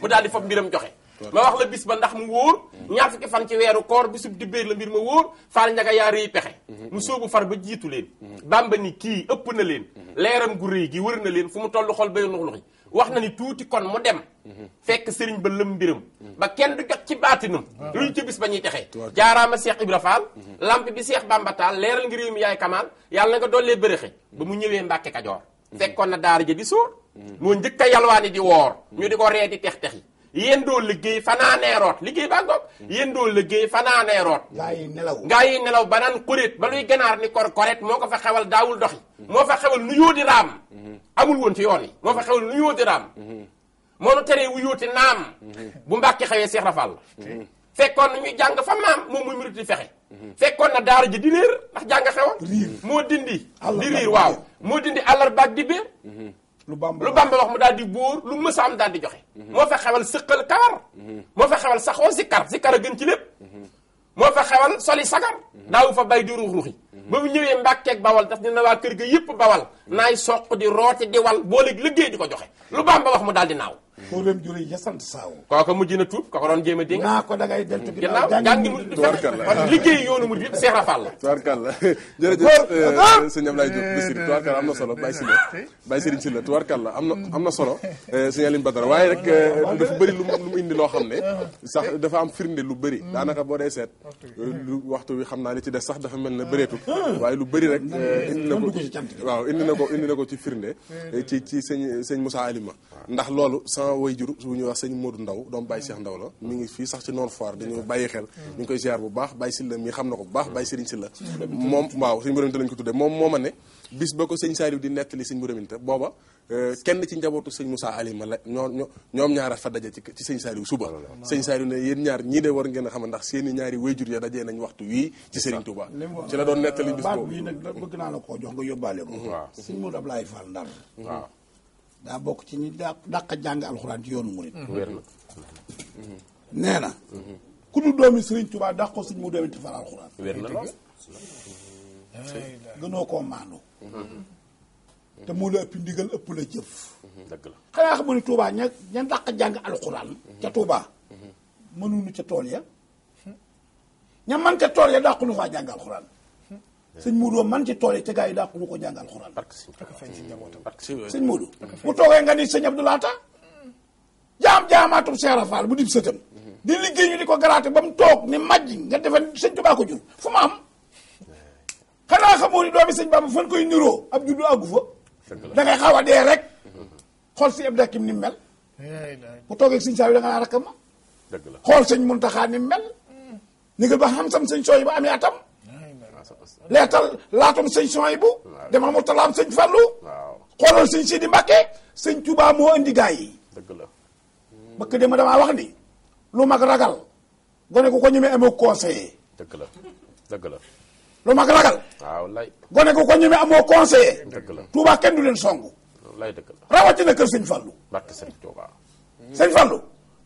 mu dal di fa mbiram joxe ma wax la bis ba ndax mu wóor ñaar fukki fan ci weeru koor bi bisub dibéer la mbir ma wóor faal njaga yaa rëy pexe mu sóobu far ba jiitu leen bàmba ni kii ëpp na leen leeram gu rëy gi wër na leen fu mu toll xol bay nux nuxi wax na ni tuuti kon mu dem fekk sëriñ ba lëm mbiram ba kenn du jot ci baatinam luy ci bis ba ñuy texee jaaraama Seex Ibra Faal lamp bi Seex Bàmba Taal leeral ngi réew mi yaay Kamaal yàlla nga dollee bërëxe ba mu ñëwee Mbàkke Kajoor fekkoon na daara ja di sóor moo njëkk a yalwaani di woor ñu di ko di tex-texi yéen doo liggéey fanaanee root liggéey baa ngoog yéen doo liggéey fanaanee root gaa yi nelaw gaa yi nelaw ba ba luy ganaar ni kor koret moo ko fa xewal daawul doxi moo fa xewal nu yóodi raam amul woon ci yoon yi moo fa xewal nu yóodi raam moo nu teree wu yóoti naam bu mbàkki xewee seex rafal fekkoon na ñuy jàng fa maam moom muy murit di fexe fekkoon na daara ji di réer ndax jàng xewal moo dindi di riir waaw moo dindi àllarba ak di béer lu bamba wax mu daal di buur lu mës a am daal di joxe mhm. moo fa xewal sëqal kawar mhm. moo fa xewal saxoo sikkar sikkar a gën ci lépp mhm. moo fa xewal soli sagar daawu fa bay di ruux ruuxi ba mu ñëwee mbàkkeeg bawal daf ne na waa kër ga yëpp bawal naay soq di rooti di wal boo léegi liggéey di ko joxe lu bamba wax mu daal di naaw fóoleem jure ja sant saawu kooka mujj na tuub kooka doon jéem a dégg naa ko da ngay deltu ginnaaw jàngi mu kon liggéey yoonu mu yëpp Cheikh Rafal la tubaarkal la (laughs) (laughs) jërëjëf euh, sëñ Ablaye Diop Bissir am na solo Baye Sylla Baye Serigne Sylla tubaarkal la am na am na solo (laughs) euh, sëñ Aline Badara waaye rek euh, dafa bëri lu mu indi loo xam ne uh-huh. sax dafa am firnde lu bëri mm. daanaka boo dee seet lu waxtu wi xam naa li ci def sax dafa mel na ah. bëreetul ah. waaye lu bëri rek indi na ko waaw indi na ko indi ko ci firnde ci ci sëñ sëñ Moussa Alima ndax loolu sama wayjur bu ñuy wax sëñ Modou Ndaw doom Baye Cheikh Ndaw la mi ngi fii sax ci mm. na ko bu baax Baye Serigne Silla moom waaw sëñ Mouraminte lañ ko tuddee moom moo ma ne Alima euh, ñoom ñaara fa daje ci ci sëñ suba oh sëñ Saliou ne yéen ñaar ñii de war ngeen a ndax seeni ñaari wayjur ya dajee nañ waxtu wii ci Serigne Touba ci la doon nettali bis boobu baat bii nag daa bokk ci ñi daa dàq jàng alxuraan ci yoonu murit mm-hmm. mm-hmm. nee na mm-hmm. ku du doomi Sëriñ Tuubaa dàq ko suñ mu doomi tafal alxuraan na lool gënoo koo maandu te moo la ëpp ndigal ëpp la jëf dëgg la xanaa xam ne Tuubaa ña ña dàq jàng alxuraan ca Tuubaa mënuñu ca tool ya ña man ca tool ya dàqunu faa jàng alxuraan Sin mudo man ci tole ci te gars yi dàqulu ko jàng alxuraan sëñ muudu bu toge nga ni sëñ abdoulaata jaam jaamaatum seera faal bu dib sëtam di liggey ni di ko garaate ba mu ni majji nga defe seigne touba ko jur fu ma am xanaa xamoo doomi seigne bamba fan koy niro ab juddu fa da ngay xawa de rek xol si ab ni mel bu toge seigne sawi da nga naa rakk ma xool sëñ ni mel ni nga ba xam sam seigne sooy ba amee atam leetal laatam sëñ Sohaybu dama mu talaam sëñ Fallu xoolal sëñ Sidi Mbàkke sëñ Tuubaa mo andi gay deug la bëkk dama wax ni lu mag ragal gone ko ko ñëmé amo conseiller deug la deug la lu mag ragal waaw lay gone ko ko ñëmé amo conseiller deug la Tuubaa kenn du len songu lay deug la na kër sëñ Fallu barke sëñ Tuubaa sëñ Fallu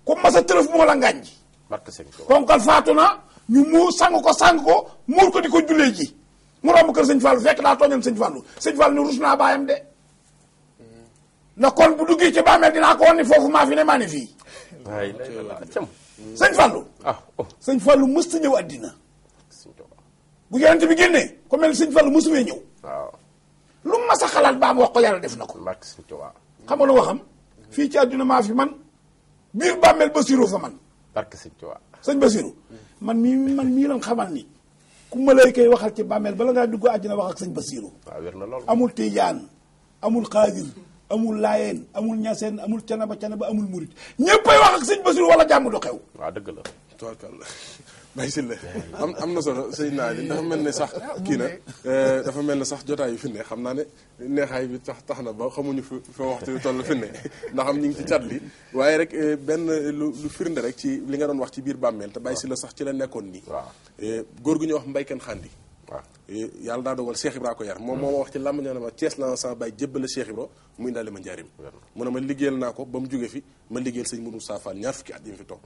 ku masa teuf mo la ngañ barke sëñ Tuubaa konkal faatu na ñu mu sang ko sang ko muur ko diko julé ji mu romb kër sëñ Fallou fekk daa tooñoon sëñ Fallou sëñ Fallou ni rus naa baayam de na kon bu duggee ci bàmmeel dinaa ko woon ni foofu maa ne maa fii sëñ Fallou ah, oh. sëñ Fallou mësta ñëw àddina bu yonent bi génnee ko mel sëñ Fallou mësumee ñëw lu mu mas a xalaat ba wax ko yàlla def na ko xam nga lu waxam fii ci àdduna maa fi man biir bàmmeel Basiru fa man sëñ Basiru man mii man mii lan xamal ni ku ma lay koy waxal ci bàmmeel bala ngaa dugg àjjana wax ak sëñ Basiiru amul Tijaan amul Xaadir amul Laayeen amul Ñaseen amul Canaba Canaba amul Murit ñëppay wax ak Basiiru wala jàmm du xew waaw dëgg la (laughs) bàyyi si la am am na solo sëñ naa li dafa mel ne sax ah, kii na eh, dafa mel ne sax jotaay yu fi ne xam naa ne neexaay bi tax tax na ba xamuñu fi foo waxtu bi toll fi ne (laughs) ndax am ñu ngi ci cat li waaye rek eh, benn lu lu firnde rek ci li nga doon wax ci biir bàmmeel te bàyyi si la sax ci la nekkoon nii eh, góor gi ñuy wax mbéykan xandi waaw eh, yàlla daa dogal Cheikh Ibra ko yar moom moo ma wax ci làmb ne ma Cees laa sama bàyyi jébbale Cheikh Ibra muy ndaale ma njaarim mu ne ma liggéeyal naa ko ba mu jóge fi ma liggéeyal sëñ Mourou Safal ñaar fukki at yi mu fi toog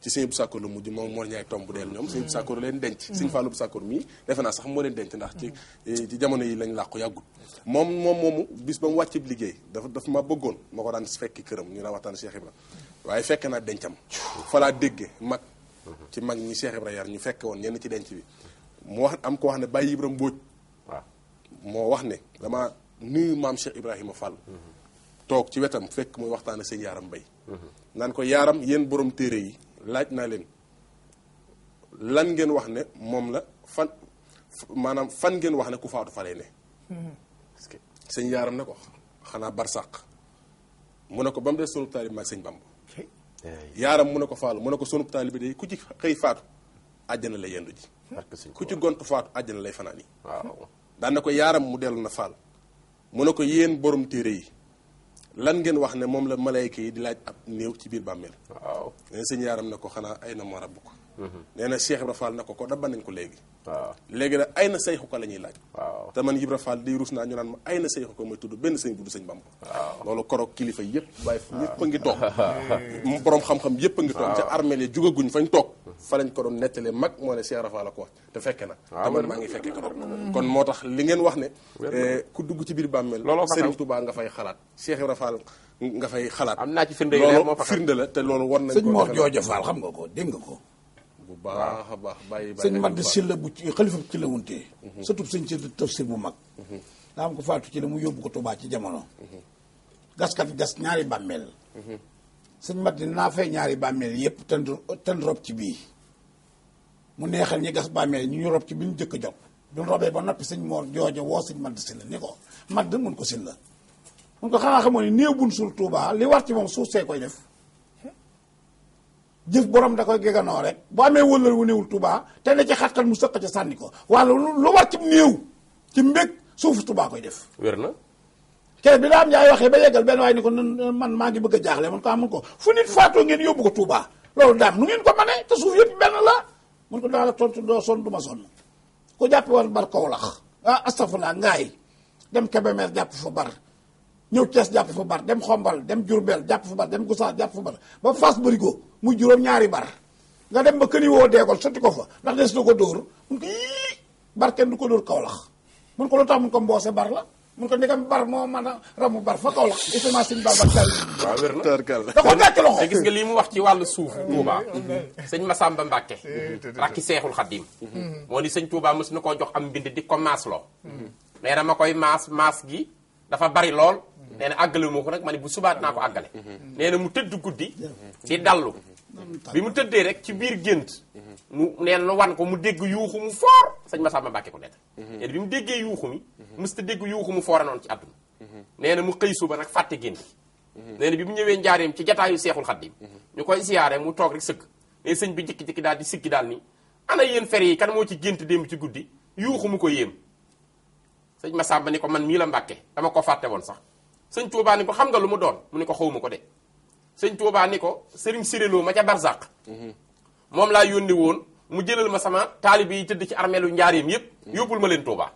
ci sëñ moo ñaay tomb bu deel ñoom sëñ bu sàkkoor leen denc mm-hmm. sëñ Fallou bu sàkkoor mii defe naa sax moo leen denc ndax mm-hmm. eh, ci jamono yi lañ làqu yàggul moom moom moomu bis ba mu wàcc liggéey dafa dafa ma bëggoon ma ko daan fekki këram ñu la waxtaan Cheikh Ibra waaye fekk naa dencam falaa dégge mag mm-hmm. ci mag ñi Cheikh Ibra yar ñu fekke woon ñenn ci denc bi mu wax am ko wax ne bàyyi Ibrahima Mbodj. waaw moo wax ne dama nuyu maam Cheikh Ibrahima Fall. toog ci wetam fekk muy waxtaan ak sëñ Yaaram Mbay. naan ko Yaaram yéen borom téere yi laaj naa leen lan ngeen wax ne moom la fan maanaam fan ngeen wax ne ku faatu fa lay ne. parce que sëñ Yaaram ne ko xanaa barsàq mu ne ko ba mu des sunu taalib maag sëñ Bamba. Yaaram mu ne ko Fall mu ne ko sunu taalib bi de ku ci xëy faatu àjjana la yendu ji. ku ci gont faatu àjjana lay fanaan yi waaw daan na ko yaaram mu dellu na faal mu ne ko yéen borom téere yi lan ngeen wax ne moom la malayka yi di laaj ab néew ci biir bàmmeel waaw leen sëñ yaaram ne ko xanaa ay na moo rabbu ko nee na Cheikh Ibra na ko ko dabba nañ ko léegi waaw léegi nag ay na sayxu ko la ñuy laaj waaw te man Ibra Fall di ruus naa ñu naan ma ay na sayxu ko mooy tudd benn sëñ budd sëñ Bamba loolu korog kilifa yëpp waaye ñëpp a ngi toog (laughs) borom xam-xam yëpp a ngi toog jugaguñ fañ toog fa lañ ko doon nettalee mag moo ne Cheikh ko wax te na te man maa ngi fekke kon moo tax li ngeen wax ne eh, ku dugg ci biir bàmmeel Sëriñ Tuubaa nga fay xalaat Cheikh Ibra nga fay xalaat am naa ci firnde loolu firnde la te loolu war nañ ko sëñ Mor Jooja xam nga ko dégg nga ko bu baax a baax bàyyi bàyyi sëñ Mad Silla bu xalifa ci la wuntee mhm. satub sëñ ci tafsir bu mag mhm. daa am ko faatu ci la mu yóbbu ko Tuubaa ci jamono mhm. gaskat gas ñaari bàmmeel sëñ Mad naa fay ñaari bàmmeel yëpp ten ten rob ci bii mu neexal ñi gas bàmmeel ñu ñu rob ci bi ñu jëkk jot bi mu robee ba noppi sëñ moo joojo woo sëñ Mad Silla ni ko Mad mun ko Silla mun ko xanaa xamoon ne néew buñ suul Tuubaa li war ci moom suuf see koy def jëf borom da koy geganoo rek bu amee wëlal wu néewul tubaa te ne ci xattal mu sëkk ca sànni ko wala lu war ci néew ci mbég suufu tubaa koy def wér na kere bi am yaay waxee ba yeggal benn waaye ni ko man maa ngi bëgg a jaaxle man ko amul ko fu nit faatoo ngeen yóbbu ko tubaa loolu daam nu ngeen ko mane te suuf yëpp benn la mun ko daala tontu doo son duma son ko ku war bar kawlax ah astafurlah ngaay dem kebemer jàpp fa bar ñëw Cees jàpp fa bar dem xombal dem jurbel jàpp fa bar dem gusaas jàpp fa bar ba fas bërigo mu juróom ñaari bar nga dem ba këni woo dee ko sotti ko fa ndax des na ko dóor mun ko bar kenn du ko dóor kawlax mun ko lu tax mun ko mboose bar la mun ko ni kam bar moo mën a ramu bar fa kawlax itamit sin bar bar tal waaw wér na da ko nekk loxo gis nga lii mu wax ci wàllu suuf touba sëñ masamba mbàkke eh, rakki seexul xadim mhm. moo ni sëñ touba mos na koo jox am mbind di ko maas loo mhm. nee na koy maas maas gi dafa bari lool mhm. nee na àggale moo ko nag ma ne bu subaat naa ko àggale nee na mu tëdd guddi di dallu bi mu tëddee rek ci biir gént mu neen nu wan ko mu dégg yuuxu mu foor sëñ Masamba Mbàkke ko nett nee mhm. bi mu déggee yuuxu mi mhm. dégg yuuxu mu foora noonu ci àdduna mhm. nee na mu xëy suba nag fàtte gént nee na bi mu ñëwee njaareem ci jataayu seexul xaddim ñu koy siyaare mu toog rek sëkk ne sëñ bi daal di sikki daal ni ana yéen fer yi kan moo ci gént démb ci guddi yuuxu mu ko yéem sëñ Masamba ni ko man mii la Mbàkke dama ko fàtte woon sax sëñ Tuubaa ko xam nga lu mu doon mu ne ko xaw ma ko de sëñ Tuubaa ni ko sëriñ Siréloo ma ca Barzak. moom laa yónni woon mu jëlal ma sama taalib yi tëdd ci armeelu njaareem yëpp yóbbul ma leen Tuubaa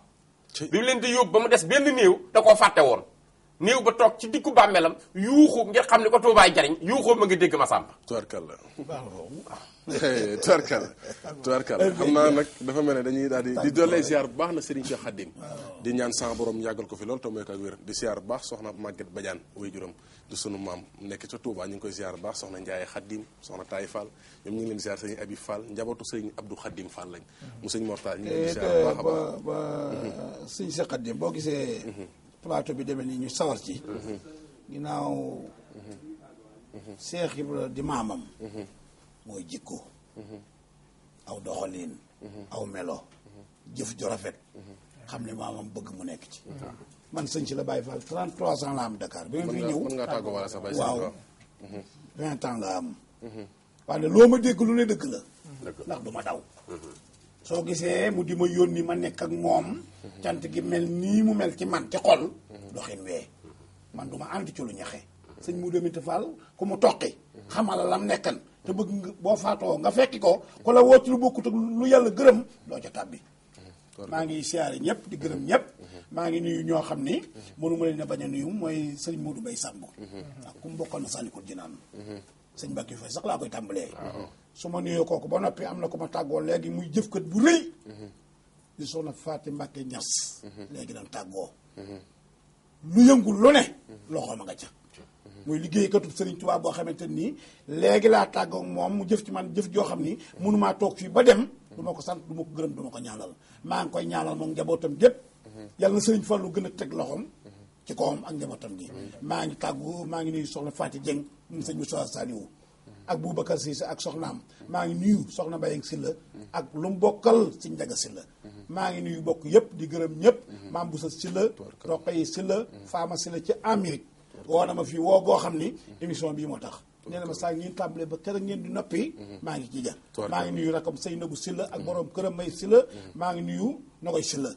bi mu leen di yóbbu ba mu des benn néew da koo fàtte woon néew ba toog ci dikku bàmmeelam yuuxu ngir xam ne ko Tuubaay jariñ yuuxoo ma ngi dégg ma sàmp tubarkal tubarkal xam naa nag dafa mel ne dañuy daal di di dollee ziar bu baax na Serigne Cheikh Khadim di ñaan sans borom yàggal ko fi lool te mooy ko ak wér di ziar bu baax soxna Maguette Badiane way juram di sunu maam nekk ca Touba ñu ngi koy ziar bu baax soxna Ndiaye Khadim soxna Taye Fall ñoom ñu ngi leen ziar Serigne Abi Fall njabootu Serigne Abdou Khadim Fall lañ mu Serigne Mortal ñu leen di baax a baax eh, ba Serigne Cheikh Khadim boo gisee mhm. plateau bi demee nii ñu sawar ci mhm. ginnaaw mhm. Cheikh Ibra di maamam mooy jikko aw doxaliin aw melo jëf ju rafet xam ne maamam bëgg mu nekk ci man sëñ si la Baye Fall 33 ans la am dakaar bi ma fi ñëw mën nga tàggu sa Baye waaw vingt ans la am mhm. waaye loo ma dégg lu ne dëkk la ndax du ma daw mhm. soo gisee mu di ma yónni ma nekk ak moom mhm. cant gi mel nii mu mel ci man ci xol doxin wee man du ma ànd ci lu ñaxe sëñ mu demit Fall ku mu toqi xamala lam nekkan te bëgg nga boo faatoo nga fekki ko ko la woo ci lu bokkut ak lu yàlla gërëm doo ca tàbbi maa ngi siyaare ñëpp di gërëm ñëpp mhm. maa ngi nuyu ñoo xam ni mhm. mënuma leen a bañ a nuyu mooy sëñ Modou du Samb mhm. ak ku mu bokkal na Salikul Jinaan sëñ Mbacke fay sax laa koy tàmbalee su ma nuyoo kooku ba noppi am na ko ma tàggoo léegi muy jëfkat bu rëy di soxna Faati Mbacke Ñas léegi dañ tàggoo lu yëngul lu ne loxoom a nga ca liggéey katu Serigne Touba boo xamante légui la tag ak mom mu jëf ci man jëf jo xamni ni mënumaa toog fii ba dem duma ko sant duma ko gërëm duma ko ñaanal ma ngi koy ñaanal moom njabootam gépp yalla Serigne fallu gëna tek loxom loxoom ci kawam ak njabootam gi ma ngi tagu ma ngi nuyu soxna fati jeng mu Moussa Saliou ak bakkar Cissé ak soxnam ma ngi nuyu soxna ngi ak lu bokkal ci ndaga Silla ma ngi nuyu bokk di gërëm ñëpp maam Boussa Silla Roqay fama Faama Silla ci amerique woo na ma fii woo goo xam ni émission bii moo tax nee na ma saa ngeen tàmbalee ba kër ngeen di noppi maa ngi ci jar maa ngi nuyu rakam say nagu silla ak borom këram may silla maa ngi nuyu na koy silla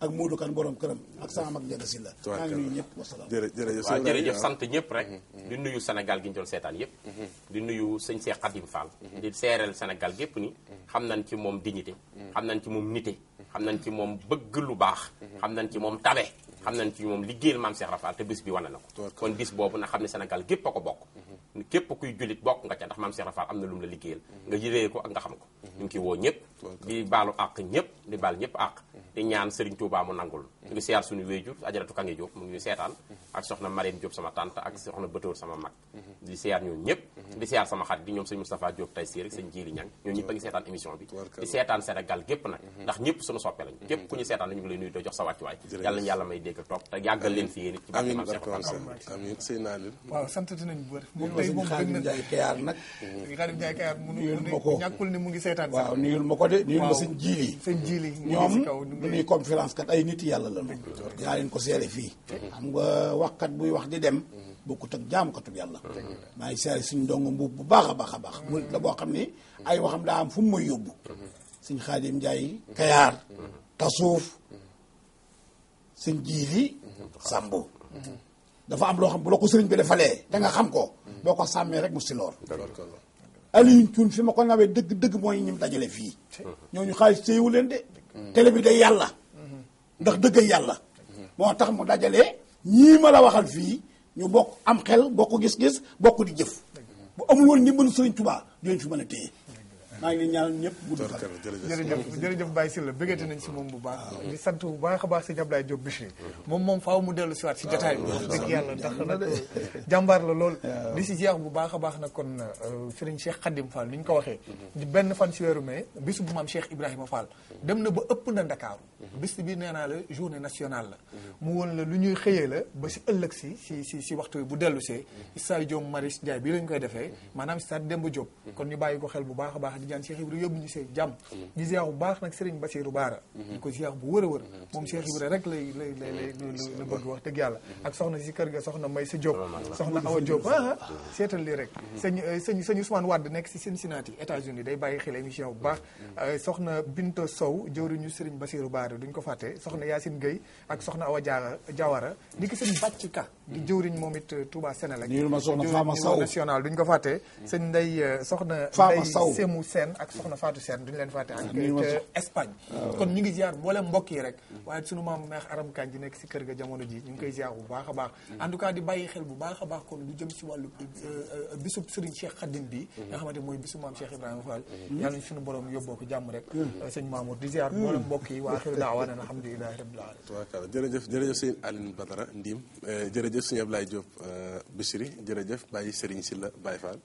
ak Modou Kane borom këram ak sama mag Njaga silla maa ngi nuyu ñëpp wasalaam jërëjëf waaw jërëjëf sant ñëpp rek di nuyu Sénégal gi ñu doon seetaan yëpp di nuyu sëñ Cheikh Khadim Fall di seereel Sénégal gépp ni xam nañ ci moom dignité xam nañ ci moom nité xam nañ ci moom bëgg lu baax xam nañ ci moom tabe xam nañ ci moom liggéeyal maam Cheikh Rafal te bis bi wane na ko kon bis boobu na xam ne Sénégal gépp a ko bokk mhm. képp kuy jullit bokk nga ca ndax maam Cheikh Rafal am na lu la liggéeyal mhm. nga yëree ko ak nga xam ko mhm. ñu ngi ciy woo ñëpp di baalu àq ñëpp di baal ñëpp àq di ñaan Serigne Touba mu nangul ñu ngi siyaar suñu wéyjur ajaratu kangé job mu ngi sétan ak soxna marine job sama tante ak soxna Batoor sama mak di siyaar ñoom ñëpp di siyaar sama xat di ñom seigne mustapha job tay sir ak seigne Jili Ñang ñoo ñi a ngi seetaan émission bi di sétan Sénégal gep nak ndax ñëpp suñu soppé lañu gep ku ñu sétan ñu ngi lay nuyu do jox sa way yalla ñu yalla may dégg tok te yagal leen fi yéne ci amin Maam Cheikh amin amiin sëy waaw leen dinañ bu nañ bu ngi tey ngi jay Njaay nak nag xadim jay Kayaar mu ñu ñakul ni mu ngi sétan waaw ñuul mako ko de nuyul ma seigne Jili seigne Jili ñoom du ñuy conférence kat ay nit yalla sallam dinaa leen ko seere fii xam nga waxkat buy wax di dem bokkut ak jaamukatub yàlla maa ngi seere suñ ndongo mbuub bu baax a baax a baax murit la boo xam ne ay waxam daa am fu mu may yóbbu suñ xaadim njaay kayaar tasuuf suñ jiili sàmbo dafa am loo xam bu la ko sëriñ bi defalee da xam ko boo ko sàmmee rek mu si loor Alioune Thioune fi ma ko nawee dëgg dëgg mooy ñim dajale fii ñooñu xaalis téyewu leen de télé bi day yàlla ndax dëgg yàlla moo tax mu dajale ñii ma la waxal fii ñu bokk am xel bokk gis-gis bokk di jëf bu amul woon ni mën sëriñ Tuubaa duñ fi mën a téye maa ngi ñaan ñëpp gudd fan jërëjëf jërëjëf Baye Sylla bëggati nañ si moom bu baax ah. di sant a baax sëñ Ablaye Diop moom moom faaw mu dellu si si jotaay bi wax dëgg yàlla ndax la lool di si jeex bu baax a baax nag kon euh, Serigne Cheikh Khadim Fall ni ñu ko waxee mm-hmm. di benn fan si weeru mai bisu bu maam Cheikh Ibrahima Fall dem na ba ëpp na Ndakaaru bis bi nee naa la journée nationale la mm-hmm. mu woon la lu ñuy xëyee la ba si ëllëg si si si si waxtu bu dellu see mm-hmm. stade Diop Marius Ndiaye bii lañ koy defee maanaam stade Demba Diop kon ñu bàyyi ko xel bu baax a baax Tidiane Cheikh Ibra yóbbu ñu see jàmm mhm. di ziar bu baax nag mhm. a wër mhm. moom Cheikh Ibra rek lay lay lay la bëgg soxna si kër ga soxna May sa Diop soxna Awa Diop ah, ah seetal lii rek sëñ euh, sëñ sëñ Ousmane Wade nekk si Cincinnati États-Unis day bàyyi xel émission bu baax euh, soxna Binta Sow jëwriñu Serigne Bassirou Baara duñ ko fàtte soxna Yacine Gueye ak soxna Awa Diawara ni ki sëñ Bàcci Ka di jëwriñ moom it euh, Touba Sénélec national duñ ko fàtte sëñ Ndeye soxna Ndeye Semu Sène ak soxna Fatou Sène duñu leen fàtte ak ca Espagne kon ñu ngi ziar mboolem mbokk yi rek waaye sunu maam meex aram kan ji nekk si kër ga jamono ji ñu ngi koy ziar bu baax a baax en tout cas di bàyyi xel bu baax a baax kon lu jëm si wàllu euh, euh, bisub Serigne Cheikh Khadim bi mm-hmm. nga xamante mooy bisu maam Cheikh Ibrahima Fall mm-hmm. yàlla ñu sunu borom yóbboo ko jàmm rek mm-hmm. euh, sëñ Mamour di ziar mboolem mbokk yi waa xiru daawaana alhamdulilahi rabbil alamin jërëjëf jërëjëf sëñ Aline Badara Ndim jërëjëf sëñ Ablaye Diop Bichri jërëjëf Baye Serigne Silla Baye Fall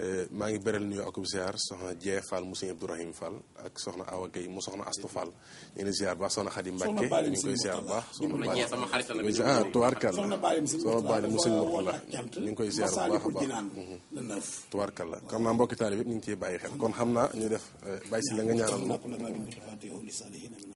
Euh, maa ngi beral nuyu akub ziar soxna Dieng Fall mu sëñ Abdourahim Fall ak soxna Awa Gueye mu soxna Astou Fall ñu ngi ziar baax soxna Xadi Mbàkke ñu ngi koy ziar baax soxna Baali sama ah, ñu ngi koy ziar bu baax a baax mhm. tubaarkalla xam naa mbokki taalib yëpp ñu ngi ciy bàyyi xel kon xam naa ñu def euh, bàyyi si la nga ñaanal